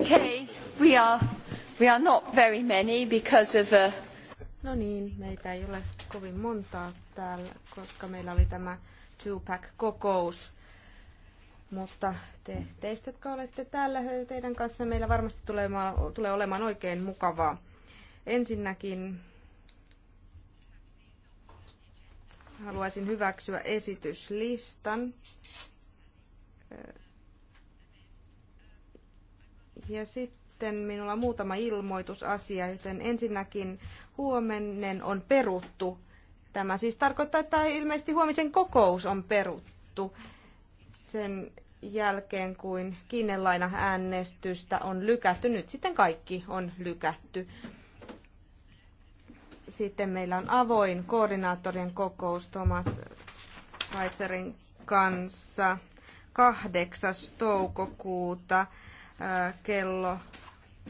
Okay, we are, we are not very many because of a... Uh, no niin, meitä ei ole kovin montaa täällä, koska meillä oli tämä two-pack-kokous. Mutta te, teistä, jotka olette täällä, teidän kanssa meillä varmasti tulee, tulee olemaan oikein mukavaa. Ensinnäkin haluaisin hyväksyä esityslistan. Ja sitten minulla on muutama ilmoitusasia, joten ensinnäkin huomennen on peruttu. Tämä siis tarkoittaa, että ilmeisesti huomisen kokous on peruttu sen jälkeen, kuin kiinnellaina äänestystä on lykätty. Nyt sitten kaikki on lykätty. Sitten meillä on avoin koordinaattorien kokous Thomas Weitzerin kanssa 8. toukokuuta kello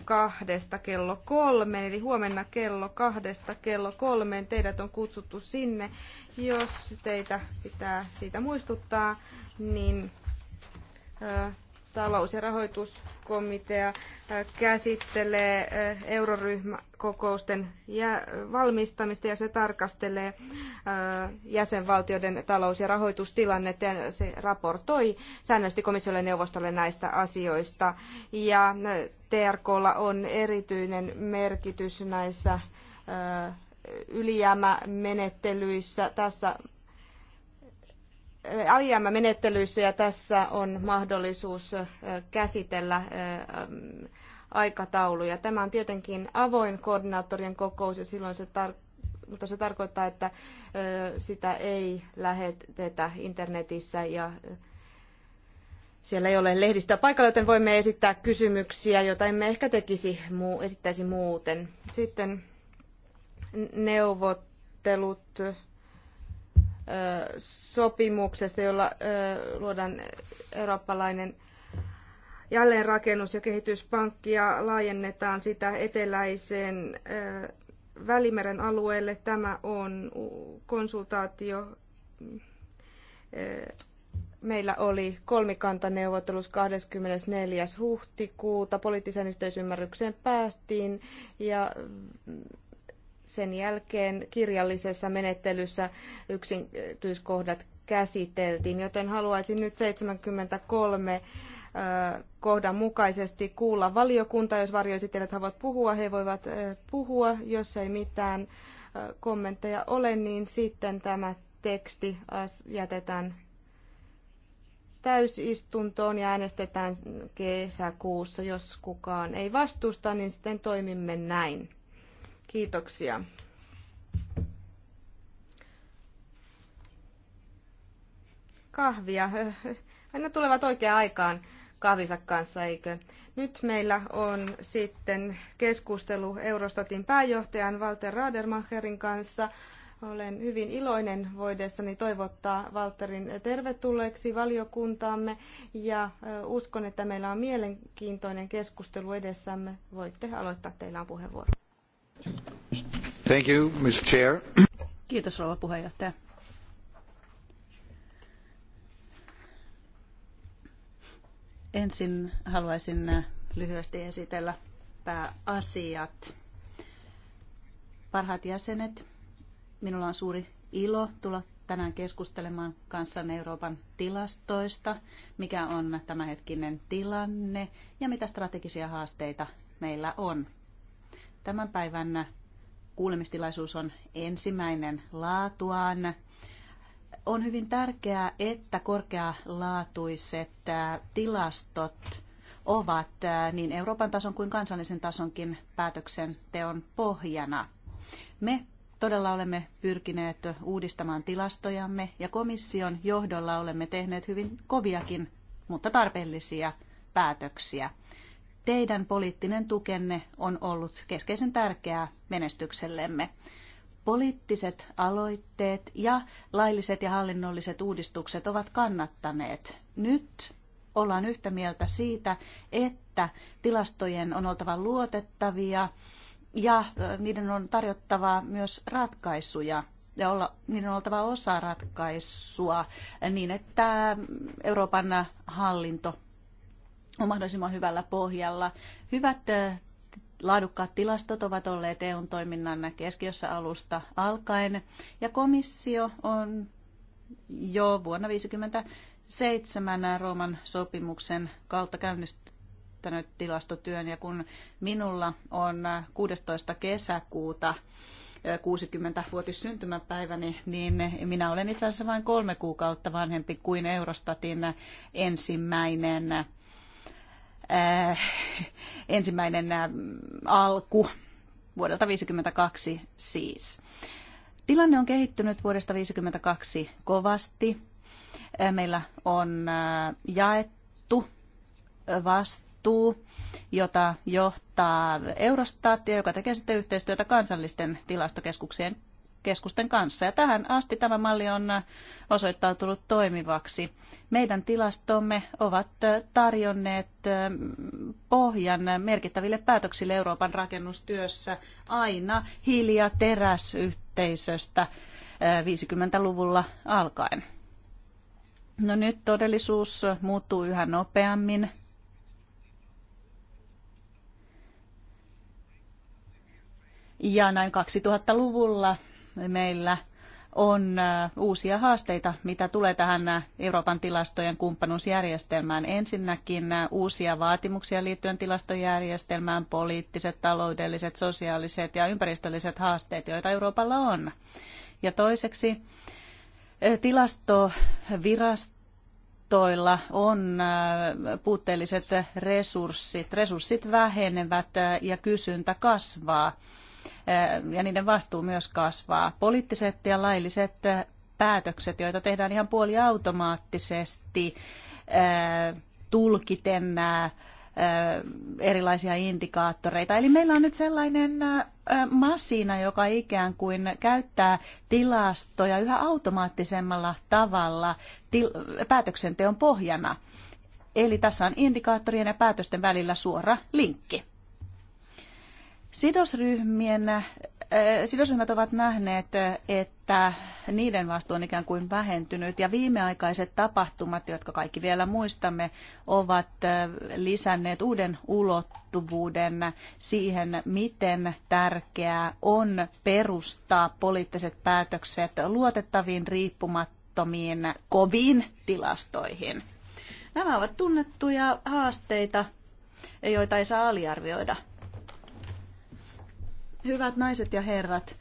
kahdesta kello kolmeen, eli huomenna kello kahdesta kello kolmeen teidät on kutsuttu sinne. Jos teitä pitää siitä muistuttaa, niin talous- ja rahoituskomitea äh, käsittelee äh, euroryhmäkokousten valmistamista ja se tarkastelee äh, jäsenvaltioiden talous- ja rahoitustilannetta ja se raportoi säännöllisesti komissiolle ja neuvostolle näistä asioista. Ja TRKlla on erityinen merkitys näissä ylijäämämenettelyissä. Tässä IM-menettelyissä ja tässä on mahdollisuus käsitellä aikatauluja. Tämä on tietenkin avoin koordinaattorien kokous ja silloin se tarkoittaa mutta se tarkoittaa, että sitä ei lähetetä internetissä ja siellä ei ole lehdistöä paikalla, joten voimme esittää kysymyksiä, joita emme ehkä tekisi, esittäisi muuten. Sitten neuvottelut sopimuksesta, jolla luodaan eurooppalainen jälleenrakennus- ja kehityspankki ja laajennetaan sitä eteläiseen Välimeren alueelle. Tämä on konsultaatio. Meillä oli kolmikantaneuvottelus 24. huhtikuuta. Poliittisen yhteisymmärrykseen päästiin ja sen jälkeen kirjallisessa menettelyssä yksityiskohdat käsiteltiin, joten haluaisin nyt 73 kohdan mukaisesti kuulla valiokunta. Jos varjoesittelijät haluavat puhua, he voivat puhua. Jos ei mitään kommentteja ole, niin sitten tämä teksti jätetään täysistuntoon ja äänestetään kesäkuussa. Jos kukaan ei vastusta, niin sitten toimimme näin. Kiitoksia. Kahvia. Aina tulevat oikeaan aikaan kahvinsa kanssa, eikö? Nyt meillä on sitten keskustelu Eurostatin pääjohtajan Walter Radermacherin kanssa. Olen hyvin iloinen voidessani toivottaa Walterin tervetulleeksi valiokuntaamme ja uskon, että meillä on mielenkiintoinen keskustelu edessämme. Voitte aloittaa, teillä on puheenvuoro arvoisa puhemies Kiitos rouva Ensin haluaisin äh, lyhyesti esitellä pääasiat. Parhaat jäsenet, minulla on suuri ilo tulla tänään keskustelemaan kanssanne Euroopan tilastoista, mikä on tämänhetkinen tilanne ja mitä strategisia haasteita meillä on. Tämän päivän kuulemistilaisuus on ensimmäinen laatuaan. On hyvin tärkeää, että korkealaatuiset tilastot ovat niin Euroopan tason kuin kansallisen tasonkin päätöksenteon pohjana. Me todella olemme pyrkineet uudistamaan tilastojamme ja komission johdolla olemme tehneet hyvin koviakin, mutta tarpeellisia päätöksiä. Teidän poliittinen tukenne on ollut keskeisen tärkeää menestyksellemme. Poliittiset aloitteet ja lailliset ja hallinnolliset uudistukset ovat kannattaneet. Nyt ollaan yhtä mieltä siitä, että tilastojen on oltava luotettavia ja niiden on tarjottava myös ratkaisuja ja olla, niiden on oltava osa ratkaisua niin, että Euroopan hallinto on mahdollisimman hyvällä pohjalla. Hyvät laadukkaat tilastot ovat olleet EUn toiminnan keskiössä alusta alkaen, ja komissio on jo vuonna 1957 Rooman sopimuksen kautta käynnistänyt tilastotyön, ja kun minulla on 16. kesäkuuta 60-vuotis syntymäpäiväni, niin minä olen itse asiassa vain kolme kuukautta vanhempi kuin Eurostatin ensimmäinen Äh, ensimmäinen äh, alku vuodelta 1952 siis. Tilanne on kehittynyt vuodesta 1952 kovasti. Äh, meillä on jaettu vastuu, jota johtaa Eurostat, joka tekee sitten yhteistyötä kansallisten tilastokeskuksien keskusten kanssa. Ja tähän asti tämä malli on osoittautunut toimivaksi. Meidän tilastomme ovat tarjonneet pohjan merkittäville päätöksille Euroopan rakennustyössä aina ja teräsyhteisöstä 50-luvulla alkaen. No nyt todellisuus muuttuu yhä nopeammin. Ja näin 2000-luvulla meillä on äh, uusia haasteita, mitä tulee tähän äh, Euroopan tilastojen kumppanuusjärjestelmään. Ensinnäkin äh, uusia vaatimuksia liittyen tilastojärjestelmään, poliittiset, taloudelliset, sosiaaliset ja ympäristölliset haasteet, joita Euroopalla on. Ja toiseksi tilastovirastoilla on puutteelliset resurssit. Resurssit vähenevät ja kysyntä kasvaa ja niiden vastuu myös kasvaa. Poliittiset ja lailliset päätökset, joita tehdään ihan puoliautomaattisesti tulkiten erilaisia indikaattoreita. Eli meillä on nyt sellainen masina, joka ikään kuin käyttää tilastoja yhä automaattisemmalla tavalla päätöksenteon pohjana. Eli tässä on indikaattorien ja päätösten välillä suora linkki. Sidosryhmien, äh, sidosryhmät ovat nähneet, että niiden vastuu on ikään kuin vähentynyt ja viimeaikaiset tapahtumat, jotka kaikki vielä muistamme, ovat äh, lisänneet uuden ulottuvuuden siihen, miten tärkeää on perustaa poliittiset päätökset luotettaviin, riippumattomiin, koviin tilastoihin. Nämä ovat tunnettuja haasteita, joita ei saa aliarvioida. Hyvät naiset ja herrat,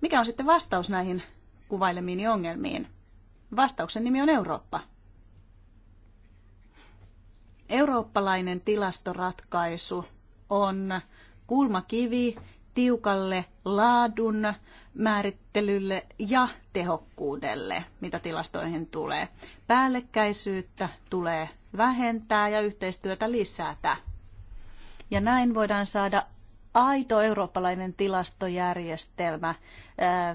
mikä on sitten vastaus näihin kuvailemiini ongelmiin? Vastauksen nimi on Eurooppa. Eurooppalainen tilastoratkaisu on kulmakivi tiukalle laadun määrittelylle ja tehokkuudelle, mitä tilastoihin tulee. Päällekkäisyyttä tulee vähentää ja yhteistyötä lisätä. Ja näin voidaan saada aito eurooppalainen tilastojärjestelmä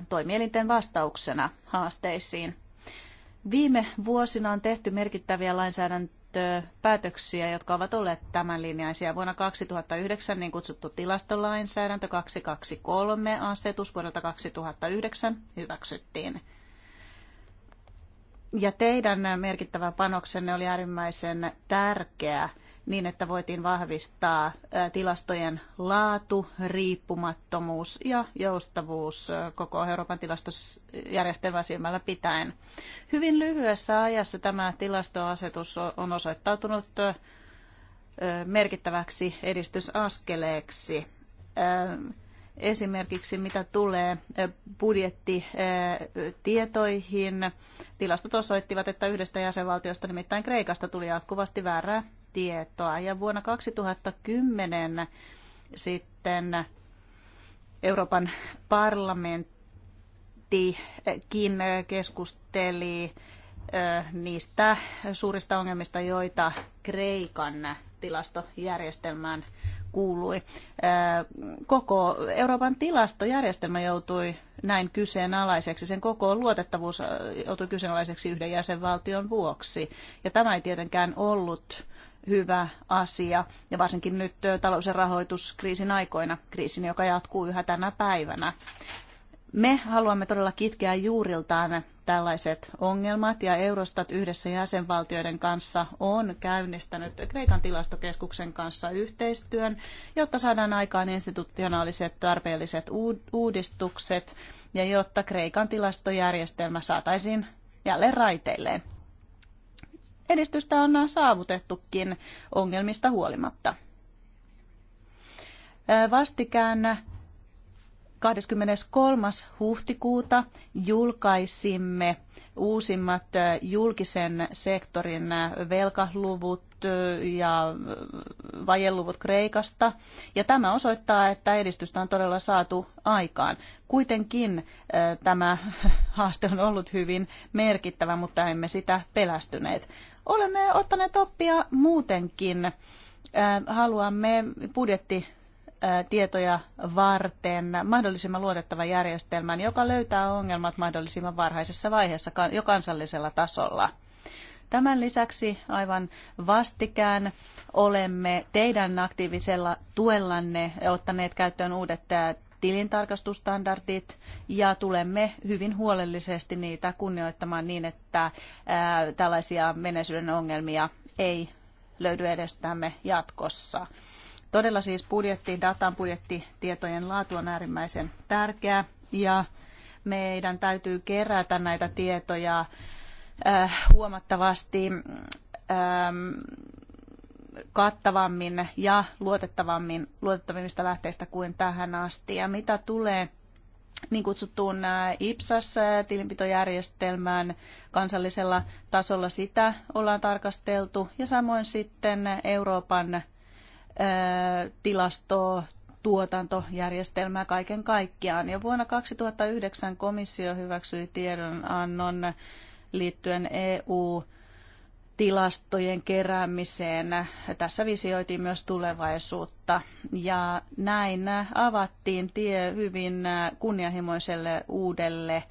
toimielinten vastauksena haasteisiin. Viime vuosina on tehty merkittäviä lainsäädäntöpäätöksiä, jotka ovat olleet tämän linjaisia. Vuonna 2009 niin kutsuttu tilastolainsäädäntö 223 asetus vuodelta 2009 hyväksyttiin. Ja teidän merkittävä panoksenne oli äärimmäisen tärkeä niin, että voitiin vahvistaa tilastojen laatu, riippumattomuus ja joustavuus koko Euroopan tilastojärjestelmän silmällä pitäen. Hyvin lyhyessä ajassa tämä tilastoasetus on osoittautunut merkittäväksi edistysaskeleeksi esimerkiksi mitä tulee budjettitietoihin. Tilastot osoittivat, että yhdestä jäsenvaltiosta, nimittäin Kreikasta, tuli jatkuvasti väärää tietoa. Ja vuonna 2010 sitten Euroopan parlamenttikin keskusteli niistä suurista ongelmista, joita Kreikan tilastojärjestelmään kuului. Äh, koko Euroopan tilastojärjestelmä joutui näin kyseenalaiseksi, sen koko luotettavuus äh, joutui kyseenalaiseksi yhden jäsenvaltion vuoksi. Ja tämä ei tietenkään ollut hyvä asia, ja varsinkin nyt äh, talous- ja rahoituskriisin aikoina, kriisin, joka jatkuu yhä tänä päivänä. Me haluamme todella kitkeä juuriltaan tällaiset ongelmat ja Eurostat yhdessä jäsenvaltioiden kanssa on käynnistänyt Kreikan tilastokeskuksen kanssa yhteistyön, jotta saadaan aikaan institutionaaliset tarpeelliset uudistukset ja jotta Kreikan tilastojärjestelmä saataisiin jälleen raiteilleen. Edistystä on saavutettukin ongelmista huolimatta. Vastikään 23. huhtikuuta julkaisimme uusimmat julkisen sektorin velkaluvut ja vajeluvut Kreikasta. Ja tämä osoittaa, että edistystä on todella saatu aikaan. Kuitenkin tämä haaste on ollut hyvin merkittävä, mutta emme sitä pelästyneet. Olemme ottaneet oppia muutenkin haluamme budjetti tietoja varten mahdollisimman luotettavan järjestelmän, niin joka löytää ongelmat mahdollisimman varhaisessa vaiheessa jo kansallisella tasolla. Tämän lisäksi aivan vastikään olemme teidän aktiivisella tuellanne ottaneet käyttöön uudet tilintarkastustandardit ja tulemme hyvin huolellisesti niitä kunnioittamaan niin, että tällaisia menneisyyden ongelmia ei löydy edestämme jatkossa. Todella siis datan budjettitietojen laatu on äärimmäisen tärkeää ja meidän täytyy kerätä näitä tietoja äh, huomattavasti ähm, kattavammin ja luotettavammin, luotettavimmista lähteistä kuin tähän asti. Ja mitä tulee niin kutsuttuun äh, IPSAS-tilinpitojärjestelmään äh, kansallisella tasolla sitä ollaan tarkasteltu ja samoin sitten Euroopan tilastoa, tuotantojärjestelmää kaiken kaikkiaan. Ja vuonna 2009 komissio hyväksyi tiedonannon liittyen EU- tilastojen keräämiseen. Tässä visioitiin myös tulevaisuutta ja näin avattiin tie hyvin kunnianhimoiselle uudelle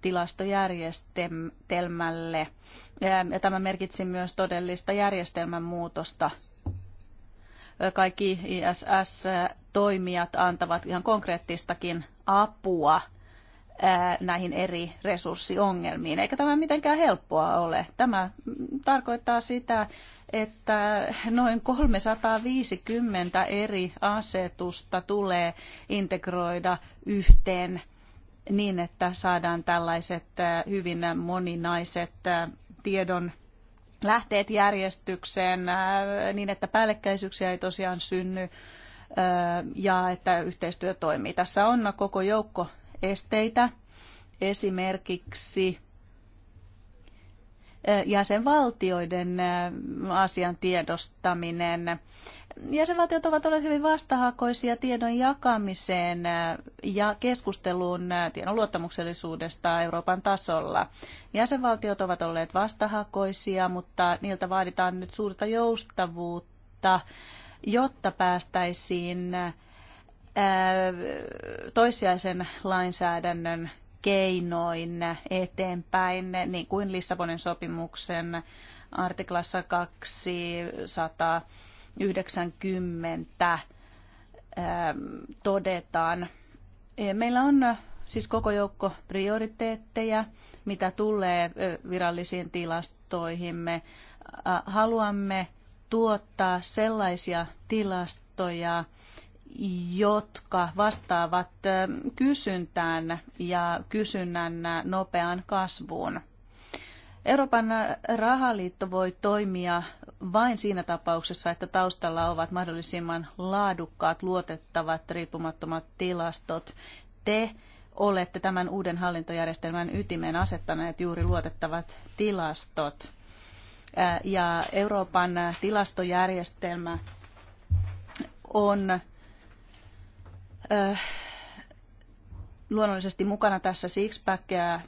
tilastojärjestelmälle. Ja tämä merkitsi myös todellista järjestelmän muutosta kaikki ISS-toimijat antavat ihan konkreettistakin apua näihin eri resurssiongelmiin. Eikä tämä mitenkään helppoa ole. Tämä tarkoittaa sitä, että noin 350 eri asetusta tulee integroida yhteen niin, että saadaan tällaiset hyvin moninaiset tiedon lähteet järjestykseen äh, niin, että päällekkäisyyksiä ei tosiaan synny äh, ja että yhteistyö toimii. Tässä on koko joukko esteitä, esimerkiksi äh, jäsenvaltioiden asian tiedostaminen jäsenvaltiot ovat olleet hyvin vastahakoisia tiedon jakamiseen ja keskusteluun tiedon luottamuksellisuudesta Euroopan tasolla. Jäsenvaltiot ovat olleet vastahakoisia, mutta niiltä vaaditaan nyt suurta joustavuutta, jotta päästäisiin toissijaisen lainsäädännön keinoin eteenpäin, niin kuin Lissabonin sopimuksen artiklassa 200 90 ähm, todetaan. Meillä on äh, siis koko joukko prioriteetteja, mitä tulee virallisiin tilastoihimme. Haluamme tuottaa sellaisia tilastoja, jotka vastaavat kysyntään ja kysynnän nopeaan kasvuun. Euroopan rahaliitto voi toimia vain siinä tapauksessa, että taustalla ovat mahdollisimman laadukkaat, luotettavat, riippumattomat tilastot. Te olette tämän uuden hallintojärjestelmän ytimeen asettaneet juuri luotettavat tilastot. Ja Euroopan tilastojärjestelmä on luonnollisesti mukana tässä sixpackia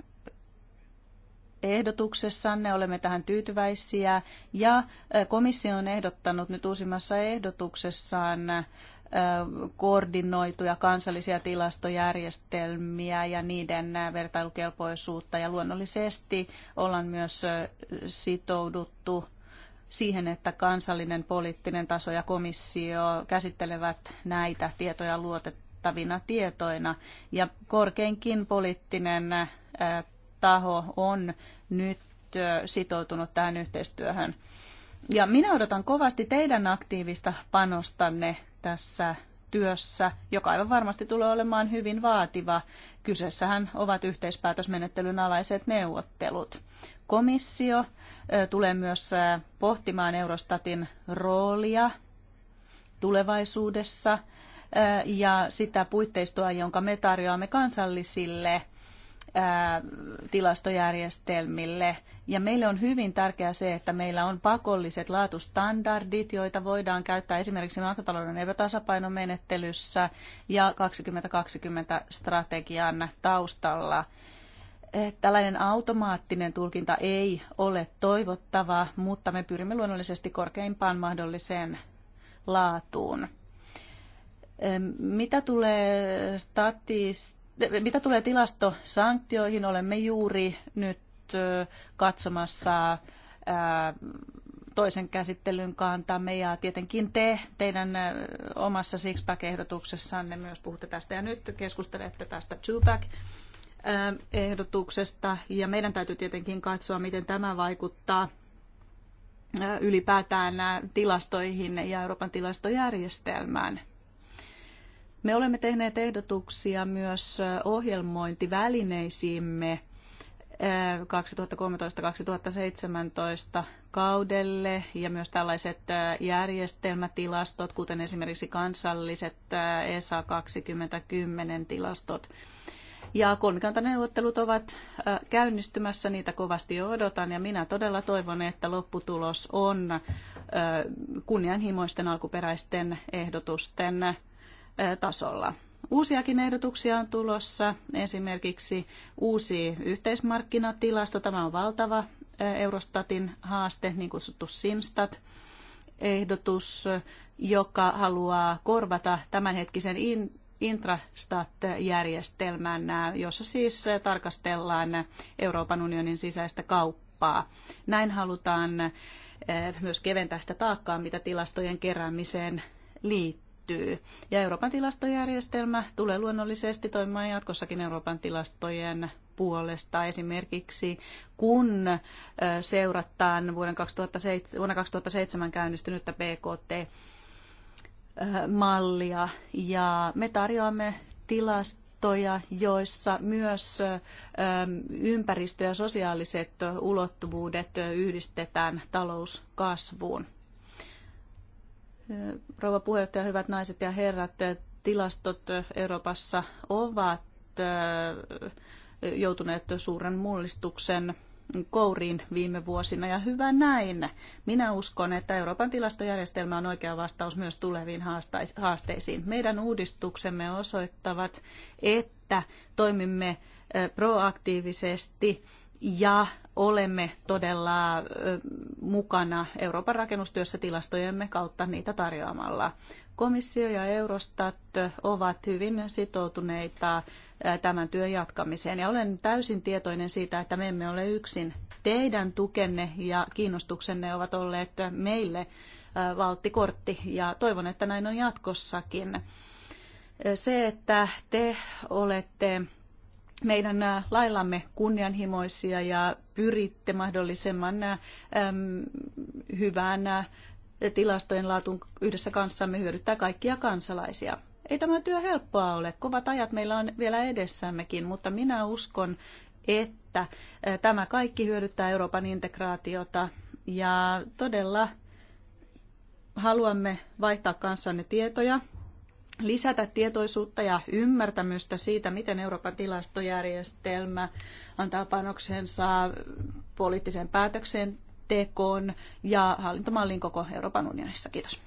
ehdotuksessanne, olemme tähän tyytyväisiä ja komissio on ehdottanut nyt uusimmassa ehdotuksessaan koordinoituja kansallisia tilastojärjestelmiä ja niiden vertailukelpoisuutta. Ja luonnollisesti ollaan myös sitouduttu siihen, että kansallinen poliittinen taso ja komissio käsittelevät näitä tietoja luotettavina tietoina. Ja korkeinkin poliittinen taho on nyt sitoutunut tähän yhteistyöhön. Ja minä odotan kovasti teidän aktiivista panostanne tässä työssä, joka aivan varmasti tulee olemaan hyvin vaativa. Kyseessähän ovat yhteispäätösmenettelyn alaiset neuvottelut. Komissio tulee myös pohtimaan Eurostatin roolia tulevaisuudessa ja sitä puitteistoa, jonka me tarjoamme kansallisille tilastojärjestelmille. Ja meille on hyvin tärkeää se, että meillä on pakolliset laatustandardit, joita voidaan käyttää esimerkiksi makrotalouden epätasapainomenettelyssä ja 2020-strategian taustalla. Tällainen automaattinen tulkinta ei ole toivottava, mutta me pyrimme luonnollisesti korkeimpaan mahdolliseen laatuun. Mitä tulee statistiikkaan, mitä tulee tilastosanktioihin, olemme juuri nyt katsomassa toisen käsittelyn kantamme ja tietenkin te teidän omassa Sixpack-ehdotuksessanne myös puhutte tästä ja nyt keskustelette tästä Twopack ehdotuksesta ja meidän täytyy tietenkin katsoa, miten tämä vaikuttaa ylipäätään tilastoihin ja Euroopan tilastojärjestelmään. Me olemme tehneet ehdotuksia myös ohjelmointivälineisiimme 2013-2017 kaudelle ja myös tällaiset järjestelmätilastot, kuten esimerkiksi kansalliset ESA 2010 tilastot. Ja kolmikantaneuvottelut ovat käynnistymässä, niitä kovasti odotan ja minä todella toivon, että lopputulos on kunnianhimoisten alkuperäisten ehdotusten tasolla. Uusiakin ehdotuksia on tulossa, esimerkiksi uusi yhteismarkkinatilasto, tämä on valtava Eurostatin haaste, niin kutsuttu Simstat, ehdotus, joka haluaa korvata tämänhetkisen Intrastat-järjestelmän, jossa siis tarkastellaan Euroopan unionin sisäistä kauppaa. Näin halutaan myös keventää sitä taakkaa, mitä tilastojen keräämiseen liittyy kehittyy. Ja Euroopan tilastojärjestelmä tulee luonnollisesti toimimaan jatkossakin Euroopan tilastojen puolesta. Esimerkiksi kun seurataan vuoden 2007, vuonna 2007 käynnistynyttä PKT, mallia ja me tarjoamme tilastoja, joissa myös ympäristö- ja sosiaaliset ulottuvuudet yhdistetään talouskasvuun. Rouva puheenjohtaja, hyvät naiset ja herrat, tilastot Euroopassa ovat eh, joutuneet suuren mullistuksen kouriin viime vuosina ja hyvä näin. Minä uskon, että Euroopan tilastojärjestelmä on oikea vastaus myös tuleviin haasteisiin. Meidän uudistuksemme osoittavat, että toimimme eh, proaktiivisesti ja olemme todella mukana Euroopan rakennustyössä tilastojemme kautta niitä tarjoamalla. Komissio ja Eurostat ovat hyvin sitoutuneita tämän työn jatkamiseen ja olen täysin tietoinen siitä, että me emme ole yksin. Teidän tukenne ja kiinnostuksenne ovat olleet meille valttikortti ja toivon, että näin on jatkossakin. Se, että te olette meidän laillamme kunnianhimoisia ja pyritte mahdollisimman hyvään tilastojen laatuun yhdessä kanssamme hyödyttää kaikkia kansalaisia. Ei tämä työ helppoa ole. Kovat ajat meillä on vielä edessämmekin, mutta minä uskon, että tämä kaikki hyödyttää Euroopan integraatiota ja todella haluamme vaihtaa kanssanne tietoja lisätä tietoisuutta ja ymmärtämystä siitä, miten Euroopan tilastojärjestelmä antaa panoksensa poliittiseen päätöksentekoon ja hallintomalliin koko Euroopan unionissa. Kiitos.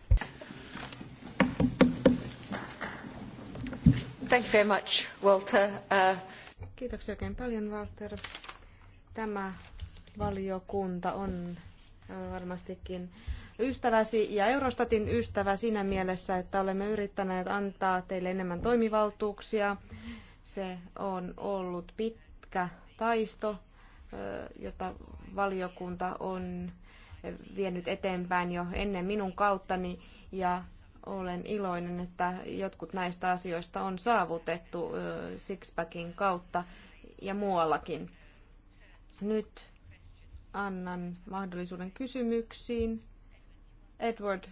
Thank you very much, Walter. Uh... Kiitoksia oikein paljon, Walter. Tämä valiokunta on äh, varmastikin ystäväsi ja Eurostatin ystävä siinä mielessä, että olemme yrittäneet antaa teille enemmän toimivaltuuksia. Se on ollut pitkä taisto, jota valiokunta on vienyt eteenpäin jo ennen minun kauttani ja olen iloinen, että jotkut näistä asioista on saavutettu Sixpackin kautta ja muuallakin. Nyt annan mahdollisuuden kysymyksiin. Edward,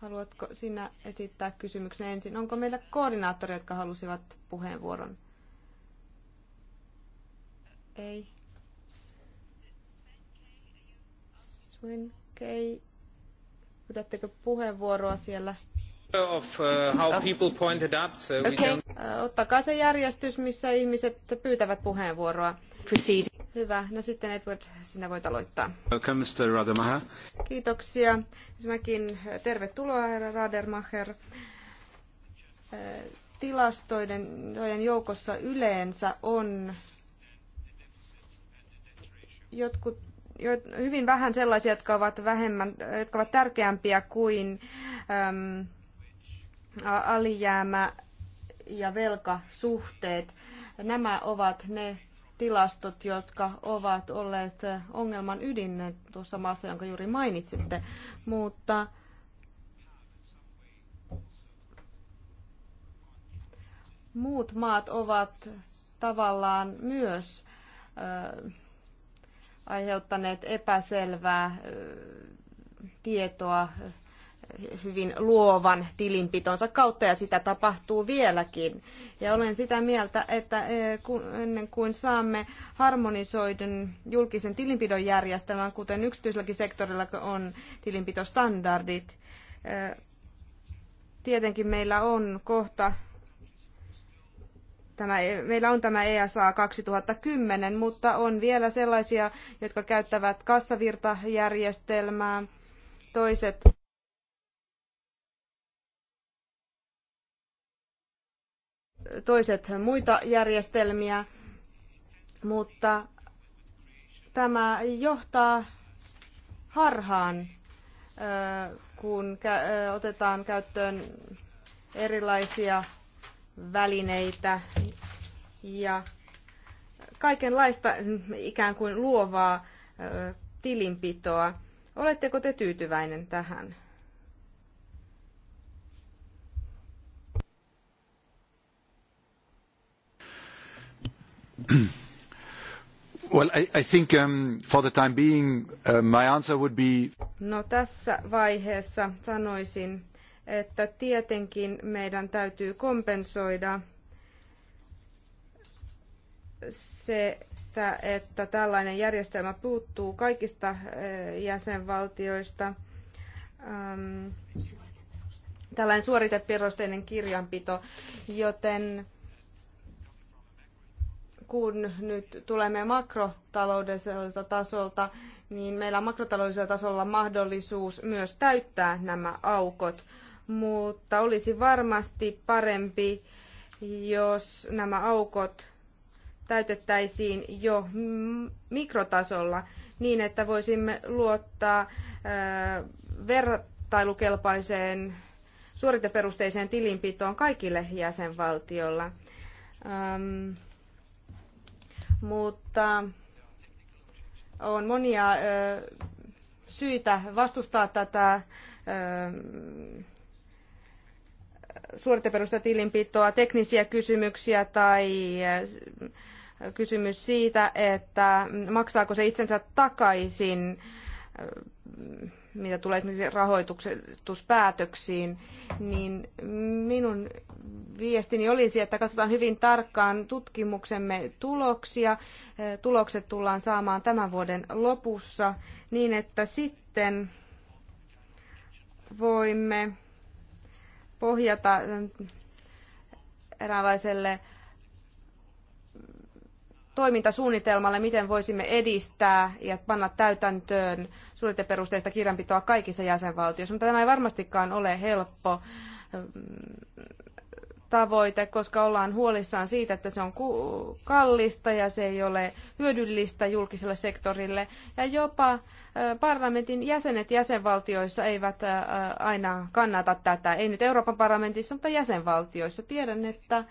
haluatko sinä esittää kysymyksen ensin? Onko meillä koordinaattori, jotka halusivat puheenvuoron? Ei. Sven Kei, pyydättekö puheenvuoroa siellä? Of, uh, how people pointed up, so okay. we don't... Uh, ottakaa se järjestys, missä ihmiset pyytävät puheenvuoroa. Proceed. Hyvä. No sitten Edward, sinä voit aloittaa. Welcome, Mr. Rademacher. Kiitoksia. Ensinnäkin eh, tervetuloa, herra Rademacher. Eh, tilastoiden joukossa yleensä on jotkut hyvin vähän sellaisia, jotka ovat, vähemmän, jotka ovat tärkeämpiä kuin äm, ehm, alijäämä ja velkasuhteet. Nämä ovat ne tilastot, jotka ovat olleet ongelman ydin tuossa maassa, jonka juuri mainitsitte. Mutta muut maat ovat tavallaan myös äh, aiheuttaneet epäselvää äh, tietoa hyvin luovan tilinpitonsa kautta ja sitä tapahtuu vieläkin. Ja olen sitä mieltä, että e, ennen kuin saamme harmonisoidun julkisen tilinpidon järjestelmän, kuten yksityiselläkin sektorilla on tilinpitostandardit, e, tietenkin meillä on kohta tämä, e, meillä on tämä ESA 2010, mutta on vielä sellaisia, jotka käyttävät kassavirtajärjestelmää, toiset toiset muita järjestelmiä, mutta tämä johtaa harhaan, kun otetaan käyttöön erilaisia välineitä ja kaikenlaista ikään kuin luovaa tilinpitoa. Oletteko te tyytyväinen tähän? No tässä vaiheessa sanoisin, että tietenkin meidän täytyy kompensoida se, että tällainen järjestelmä puuttuu kaikista äh, jäsenvaltioista. Ähm, tällainen suoriteperusteinen kirjanpito, joten kun nyt tulemme makrotaloudelliselta tasolta, niin meillä on makrotaloudellisella tasolla mahdollisuus myös täyttää nämä aukot, mutta olisi varmasti parempi, jos nämä aukot täytettäisiin jo mikrotasolla niin, että voisimme luottaa äh, vertailukelpaiseen suoriteperusteiseen tilinpitoon kaikille jäsenvaltioilla. Ähm, mutta on monia syitä vastustaa tätä suoriteperusta tilinpitoa, teknisiä kysymyksiä tai kysymys siitä, että maksaako se itsensä takaisin mitä tulee esimerkiksi rahoituspäätöksiin, niin minun viestini olisi, että katsotaan hyvin tarkkaan tutkimuksemme tuloksia. Tulokset tullaan saamaan tämän vuoden lopussa niin, että sitten voimme pohjata eräänlaiselle toimintasuunnitelmalle, miten voisimme edistää ja panna täytäntöön suunniteperusteista kirjanpitoa kaikissa jäsenvaltioissa. Mutta tämä ei varmastikaan ole helppo mm, tavoite, koska ollaan huolissaan siitä, että se on kallista ja se ei ole hyödyllistä julkiselle sektorille. Ja jopa parlamentin jäsenet jäsenvaltioissa eivät aina kannata tätä. Ei nyt Euroopan parlamentissa, mutta jäsenvaltioissa. Tiedän, että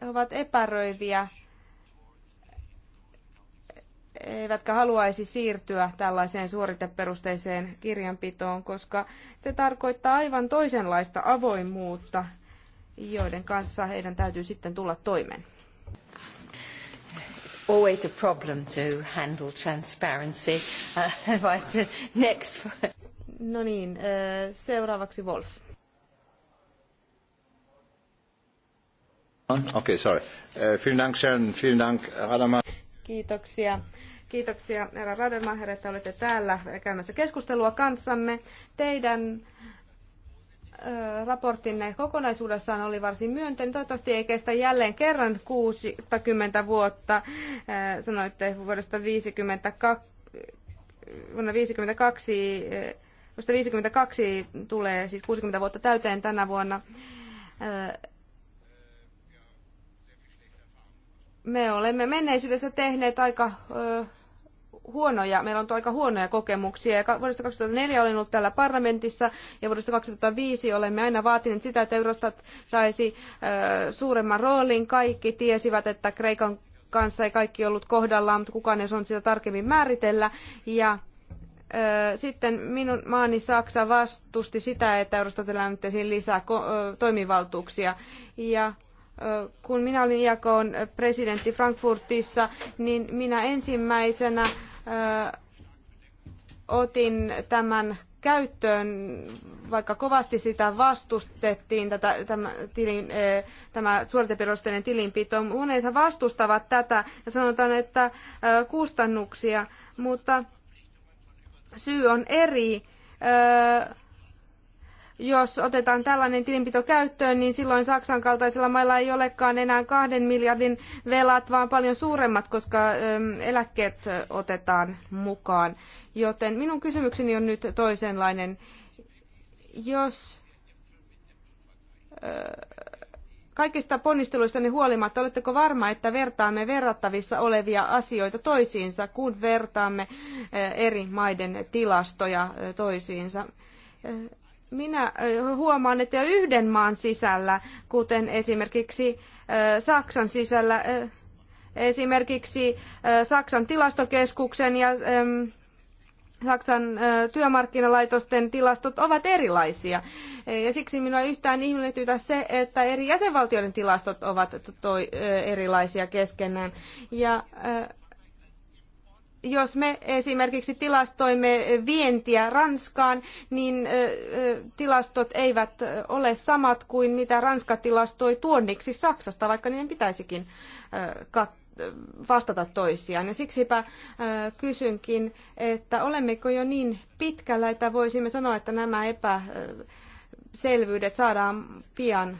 he ovat epäröiviä eivätkä haluaisi siirtyä tällaiseen suoriteperusteiseen kirjanpitoon, koska se tarkoittaa aivan toisenlaista avoimuutta, joiden kanssa heidän täytyy sitten tulla toimeen. It's always a problem to handle transparency. Uh, uh next. No niin, uh, seuraavaksi Wolf. Okay, sorry. Uh, vielen Dank, Sharon. Vielen Dank, Kiitoksia Kiitoksia, herra Radermacher, että olette täällä käymässä keskustelua kanssamme. Teidän raporttinne kokonaisuudessaan oli varsin myönteinen. Toivottavasti ei kestä jälleen kerran 60 vuotta. Sanoitte vuodesta 52, vuonna 52, vuodesta 52 tulee siis 60 vuotta täyteen tänä vuonna. Me olemme menneisyydessä tehneet aika huonoja, meillä on tuo aika huonoja kokemuksia. Ja vuodesta 2004 olen ollut täällä parlamentissa ja vuodesta 2005 olemme aina vaatineet sitä, että Eurostat saisi suuremman roolin. Kaikki tiesivät, että Kreikan kanssa ei kaikki ollut kohdallaan, mutta kukaan ei osannut sitä tarkemmin määritellä. Ja sitten minun maani Saksa vastusti sitä, että Eurostatilla annettaisiin lisää toimivaltuuksia. Ja kun minä olin jakoon presidentti Frankfurtissa, niin minä ensimmäisenä otin tämän käyttöön, vaikka kovasti sitä vastustettiin, tätä, tämä, tilin, tämä suoriteperusteinen tilinpito. Monethan vastustavat tätä ja sanotaan, että kustannuksia, mutta syy on eri jos otetaan tällainen tilinpito käyttöön, niin silloin Saksan kaltaisilla mailla ei olekaan enää kahden miljardin velat, vaan paljon suuremmat, koska eläkkeet otetaan mukaan. Joten minun kysymykseni on nyt toisenlainen. Jos kaikista ponnisteluistani huolimatta, oletteko varma, että vertaamme verrattavissa olevia asioita toisiinsa, kun vertaamme eri maiden tilastoja toisiinsa? minä huomaan, että jo yhden maan sisällä, kuten esimerkiksi Saksan sisällä, esimerkiksi Saksan tilastokeskuksen ja Saksan työmarkkinalaitosten tilastot ovat erilaisia. E, ja siksi minua yhtään ihmetytä se, että eri jäsenvaltioiden tilastot ovat erilaisia keskenään. Ja jos me esimerkiksi tilastoimme vientiä Ranskaan, niin tilastot eivät ole samat kuin mitä Ranska tilastoi tuonniksi Saksasta, vaikka niiden pitäisikin vastata toisiaan. Ja siksipä kysynkin, että olemmeko jo niin pitkällä, että voisimme sanoa, että nämä epäselvyydet saadaan pian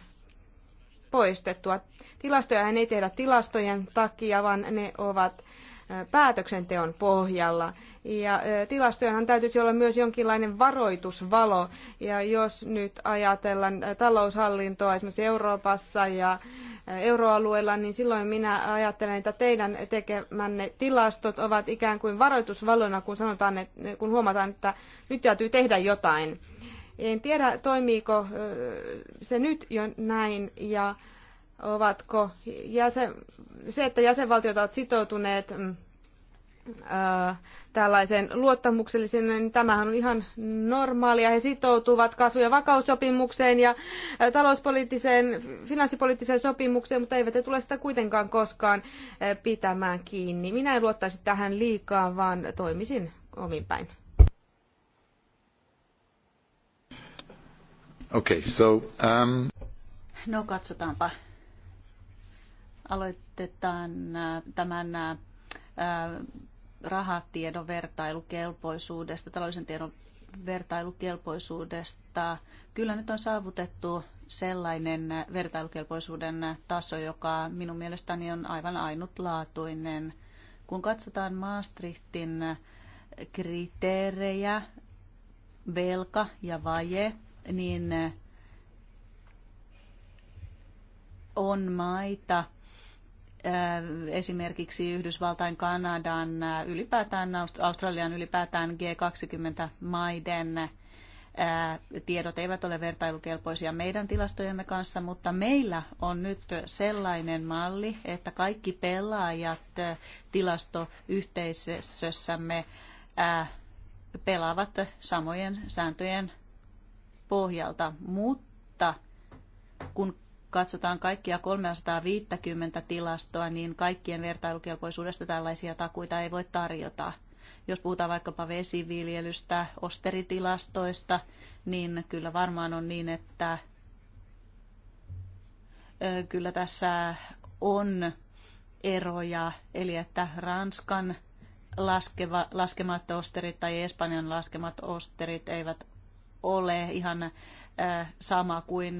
poistettua. Tilastoja ei tehdä tilastojen takia, vaan ne ovat päätöksenteon pohjalla. Ja tilastojenhan täytyisi olla myös jonkinlainen varoitusvalo. Ja jos nyt ajatellaan taloushallintoa esimerkiksi Euroopassa ja euroalueella, niin silloin minä ajattelen, että teidän tekemänne tilastot ovat ikään kuin varoitusvalona, kun, sanotaan, että, kun huomataan, että nyt täytyy tehdä jotain. En tiedä, toimiiko se nyt jo näin ja ovatko jäsen, se, että jäsenvaltiot ovat sitoutuneet mm, äh, tällaiseen luottamukselliseen, niin tämähän on ihan normaalia. He sitoutuvat kasvu- ja vakaussopimukseen ja äh, talouspoliittiseen, finanssipoliittiseen sopimukseen, mutta eivät he tule sitä kuitenkaan koskaan äh, pitämään kiinni. Minä en luottaisi tähän liikaa, vaan toimisin omin päin. Okay, so, um... No katsotaanpa. aloit aloitetaan tämän rahatiedon vertailukelpoisuudesta, taloudellisen tiedon vertailukelpoisuudesta. Kyllä nyt on saavutettu sellainen vertailukelpoisuuden taso, joka minun mielestäni on aivan ainutlaatuinen. Kun katsotaan Maastrichtin kriteerejä, velka ja vaje, niin on maita, Äh, esimerkiksi Yhdysvaltain, Kanadan, äh, ylipäätään Australian, ylipäätään G20-maiden äh, tiedot eivät ole vertailukelpoisia meidän tilastojemme kanssa, mutta meillä on nyt sellainen malli, että kaikki pelaajat tilastoyhteisössämme pelaavat samojen sääntöjen pohjalta, mutta kun katsotaan kaikkia 350 tilastoa, niin kaikkien vertailukelpoisuudesta tällaisia takuita ei voi tarjota. Jos puhutaan vaikkapa vesiviljelystä, osteritilastoista, niin kyllä varmaan on niin, että kyllä tässä on eroja, eli että Ranskan laskeva, laskemat osterit tai Espanjan laskemat osterit eivät ole ihan sama kuin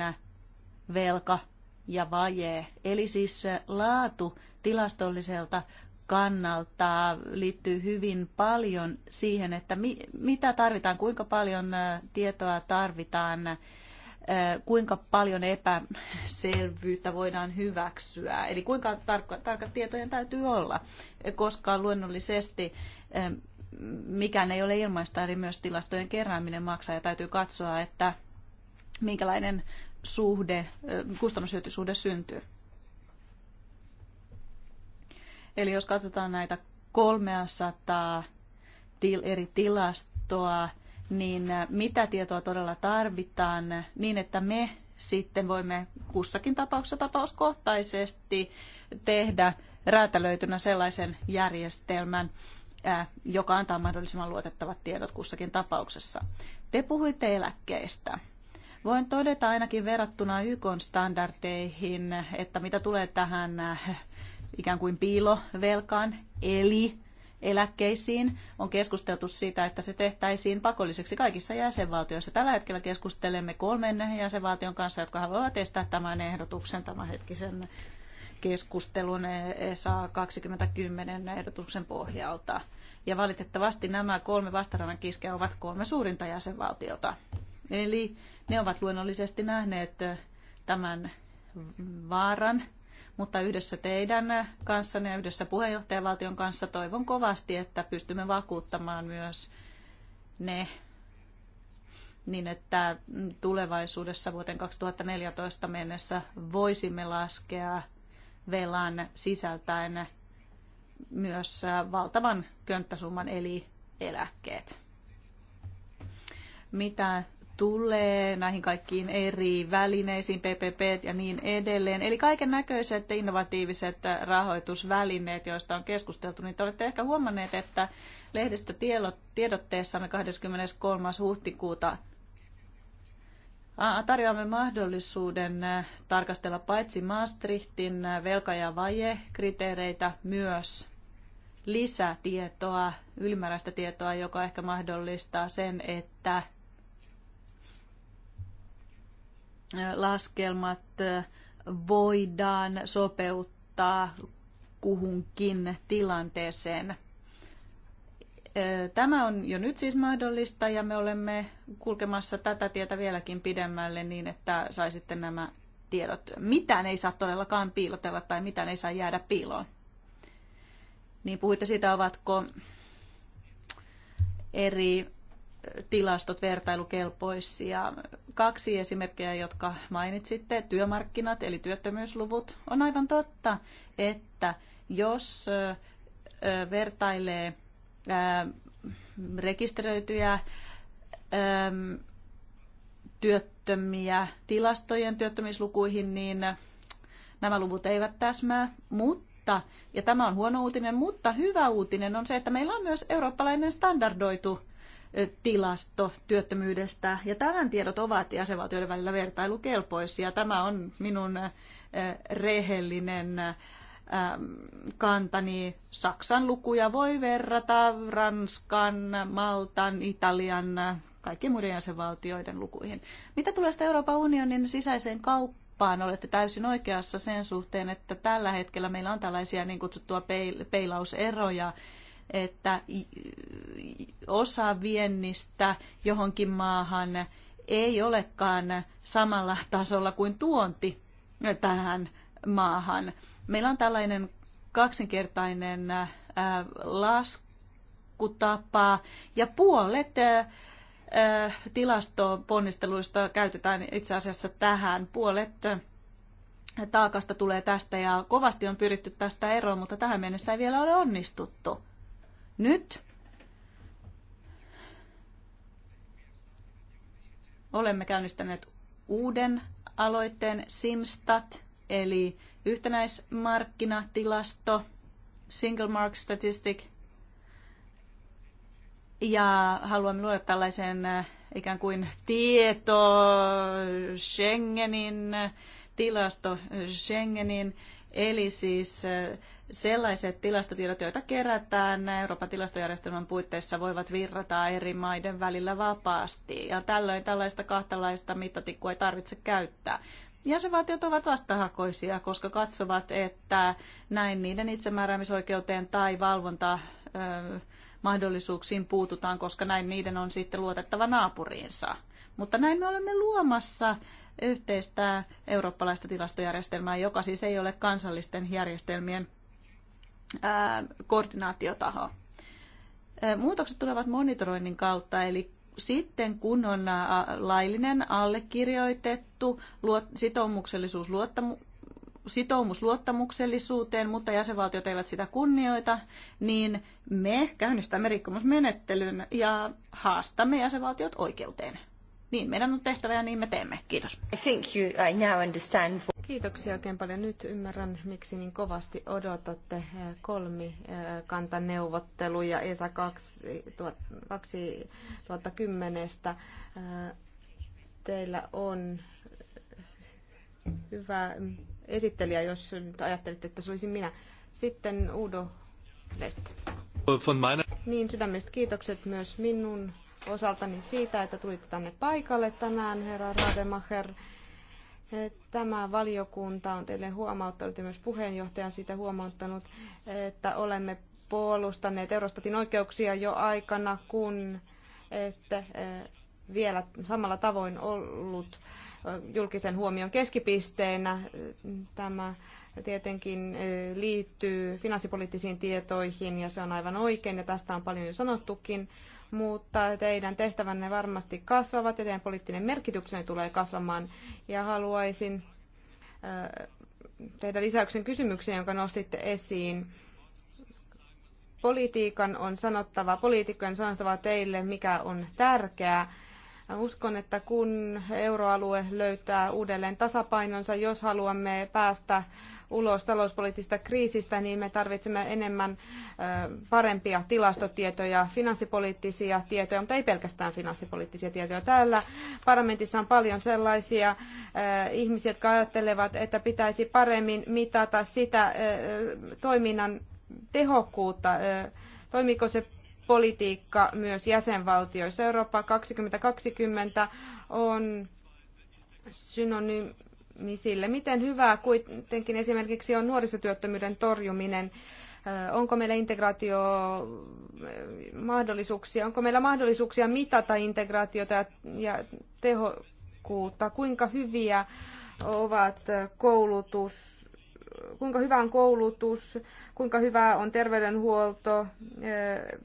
velka ja vaje. Eli siis laatu tilastolliselta kannalta liittyy hyvin paljon siihen, että mi, mitä tarvitaan, kuinka paljon äh, tietoa tarvitaan, äh, kuinka paljon epäselvyyttä voidaan hyväksyä, eli kuinka tarkka, tarkat tietojen täytyy olla, koska luonnollisesti ähm, mikään ei ole ilmaista, eli myös tilastojen kerääminen maksaa ja täytyy katsoa, että minkälainen suhde, kustannushyötysuhde syntyy. Eli jos katsotaan näitä 300 til, eri tilastoa, niin mitä tietoa todella tarvitaan niin, että me sitten voimme kussakin tapauksessa tapauskohtaisesti tehdä räätälöitynä sellaisen järjestelmän, joka antaa mahdollisimman luotettavat tiedot kussakin tapauksessa. Te puhuitte eläkkeistä. Voin todeta ainakin verrattuna YK-standardeihin, että mitä tulee tähän äh, ikään kuin piilovelkaan, eli eläkkeisiin. On keskusteltu siitä, että se tehtäisiin pakolliseksi kaikissa jäsenvaltioissa. Tällä hetkellä keskustelemme kolmen jäsenvaltion kanssa, jotka haluavat estää tämän ehdotuksen, tämän hetkisen keskustelun ESA e, 2010 ehdotuksen pohjalta. Ja valitettavasti nämä kolme vastarannan kiskeä ovat kolme suurinta jäsenvaltiota. Eli ne ovat luonnollisesti nähneet eh, tämän vaaran, mutta yhdessä teidän kanssanne ja yhdessä puheenjohtajavaltion kanssa toivon kovasti, että pystymme vakuuttamaan myös ne niin, että tulevaisuudessa vuoteen 2014 mennessä voisimme laskea velan sisältäen myös eh, valtavan könttäsumman eli eläkkeet. Mitä tulee näihin kaikkiin eri välineisiin, PPP ja niin edelleen. Eli kaiken näköiset innovatiiviset rahoitusvälineet, joista on keskusteltu, niin te olette ehkä huomanneet, että lehdistötiedotteessamme 23. huhtikuuta tarjoamme mahdollisuuden tarkastella paitsi Maastrichtin velka- ja vajekriteereitä, kriteereitä myös lisätietoa, ylimääräistä tietoa, joka ehkä mahdollistaa sen, että laskelmat voidaan sopeuttaa kuhunkin tilanteeseen. Tämä on jo nyt siis mahdollista ja me olemme kulkemassa tätä tietä vieläkin pidemmälle niin, että saisitte nämä tiedot. Mitään ei saa todellakaan piilotella tai mitään ei saa jäädä piiloon. Niin puhuitte siitä, ovatko eri tilastot vertailukelpoisia. Kaksi esimerkkiä, jotka mainitsitte, työmarkkinat eli työttömyysluvut. On aivan totta, että jos vertailee rekisteröityjä työttömiä tilastojen työttömyyslukuihin, niin nämä luvut eivät täsmää, mutta, ja tämä on huono uutinen, mutta hyvä uutinen on se, että meillä on myös eurooppalainen standardoitu tilasto työttömyydestä. Ja tämän tiedot ovat jäsenvaltioiden välillä vertailukelpoisia. Tämä on minun rehellinen kantani. Saksan lukuja voi verrata Ranskan, Maltan, Italian, kaikkien muiden jäsenvaltioiden lukuihin. Mitä tulee sitä Euroopan unionin sisäiseen kauppaan? Olette täysin oikeassa sen suhteen, että tällä hetkellä meillä on tällaisia niin kutsuttua peilauseroja, että osa viennistä johonkin maahan ei olekaan samalla tasolla kuin tuonti tähän maahan. Meillä on tällainen kaksinkertainen laskutapa ja puolet tilastoponnisteluista käytetään itse asiassa tähän. Puolet taakasta tulee tästä ja kovasti on pyritty tästä eroon, mutta tähän mennessä ei vielä ole onnistuttu. Nyt olemme käynnistäneet uuden aloitteen Simstat, eli yhtenäismarkkinatilasto, Single Mark Statistic. Ja haluamme luoda tällaisen äh, ikään kuin tieto Schengenin, tilasto Schengenin Eli siis sellaiset tilastotiedot, joita kerätään Euroopan tilastojärjestelmän puitteissa, voivat virrata eri maiden välillä vapaasti. Ja tällöin tällaista kahtalaista mittatikkua ei tarvitse käyttää. Jäsenvaltiot ovat vastahakoisia, koska katsovat, että näin niiden itsemääräämisoikeuteen tai valvonta mahdollisuuksiin puututaan, koska näin niiden on sitten luotettava naapuriinsa. Mutta näin me olemme luomassa yhteistä eurooppalaista tilastojärjestelmää, joka siis ei ole kansallisten järjestelmien koordinaatiotaho. Muutokset tulevat monitoroinnin kautta, eli sitten kun on laillinen allekirjoitettu sitoumuksellisuus luottamu, sitoumus luottamuksellisuuteen, mutta jäsenvaltiot eivät sitä kunnioita, niin me käynnistämme rikkomusmenettelyn ja haastamme jäsenvaltiot oikeuteen niin meidän on tehtävä ja niin me teemme. Kiitos. I think you, I now understand. Kiitoksia oikein paljon. Nyt ymmärrän, miksi niin kovasti odotatte eh, kolmi eh, kantaneuvotteluja ESA 2010. Eh, teillä on hyvä esittelijä, jos nyt ajattelitte, että se olisin minä. Sitten Udo Lest. Niin, sydämestä kiitokset myös minun osaltani siitä, että tulitte tänne paikalle tänään, herra Rademacher. Tämä valiokunta on teille huomauttanut ja myös puheenjohtaja on siitä huomauttanut, että olemme puolustaneet Eurostatin oikeuksia jo aikana, kun että eh, vielä samalla tavoin ollut eh, julkisen huomion keskipisteenä. Tämä tietenkin eh, liittyy finanssipoliittisiin tietoihin ja se on aivan oikein ja tästä on paljon jo sanottukin, mutta teidän tehtävänne varmasti kasvavat ja teidän poliittinen merkityksenne tulee kasvamaan. Ja haluaisin äh, tehdä lisäyksen kysymykseen, jonka nostitte esiin. Politiikan on sanottava, poliitikkojen sanottava teille, mikä on tärkeää. Uskon, että kun euroalue löytää uudelleen tasapainonsa, jos haluamme päästä ulos talouspoliittisesta kriisistä, niin me tarvitsemme enemmän parempia tilastotietoja, finanssipoliittisia tietoja, mutta ei pelkästään finanssipoliittisia tietoja. Täällä parlamentissa on paljon sellaisia ihmisiä, jotka ajattelevat, että pitäisi paremmin mitata sitä toiminnan tehokkuutta, toimiiko se politiikka myös jäsenvaltioissa. Eurooppa 2020 on synonyymi sille, miten hyvää kuitenkin esimerkiksi on nuorisotyöttömyyden torjuminen. Onko meillä integraatio mahdollisuuksia? Onko meillä mahdollisuuksia mitata integraatiota ja tehokkuutta? Kuinka hyviä ovat koulutus, kuinka hyvä on koulutus, kuinka hyvä on terveydenhuolto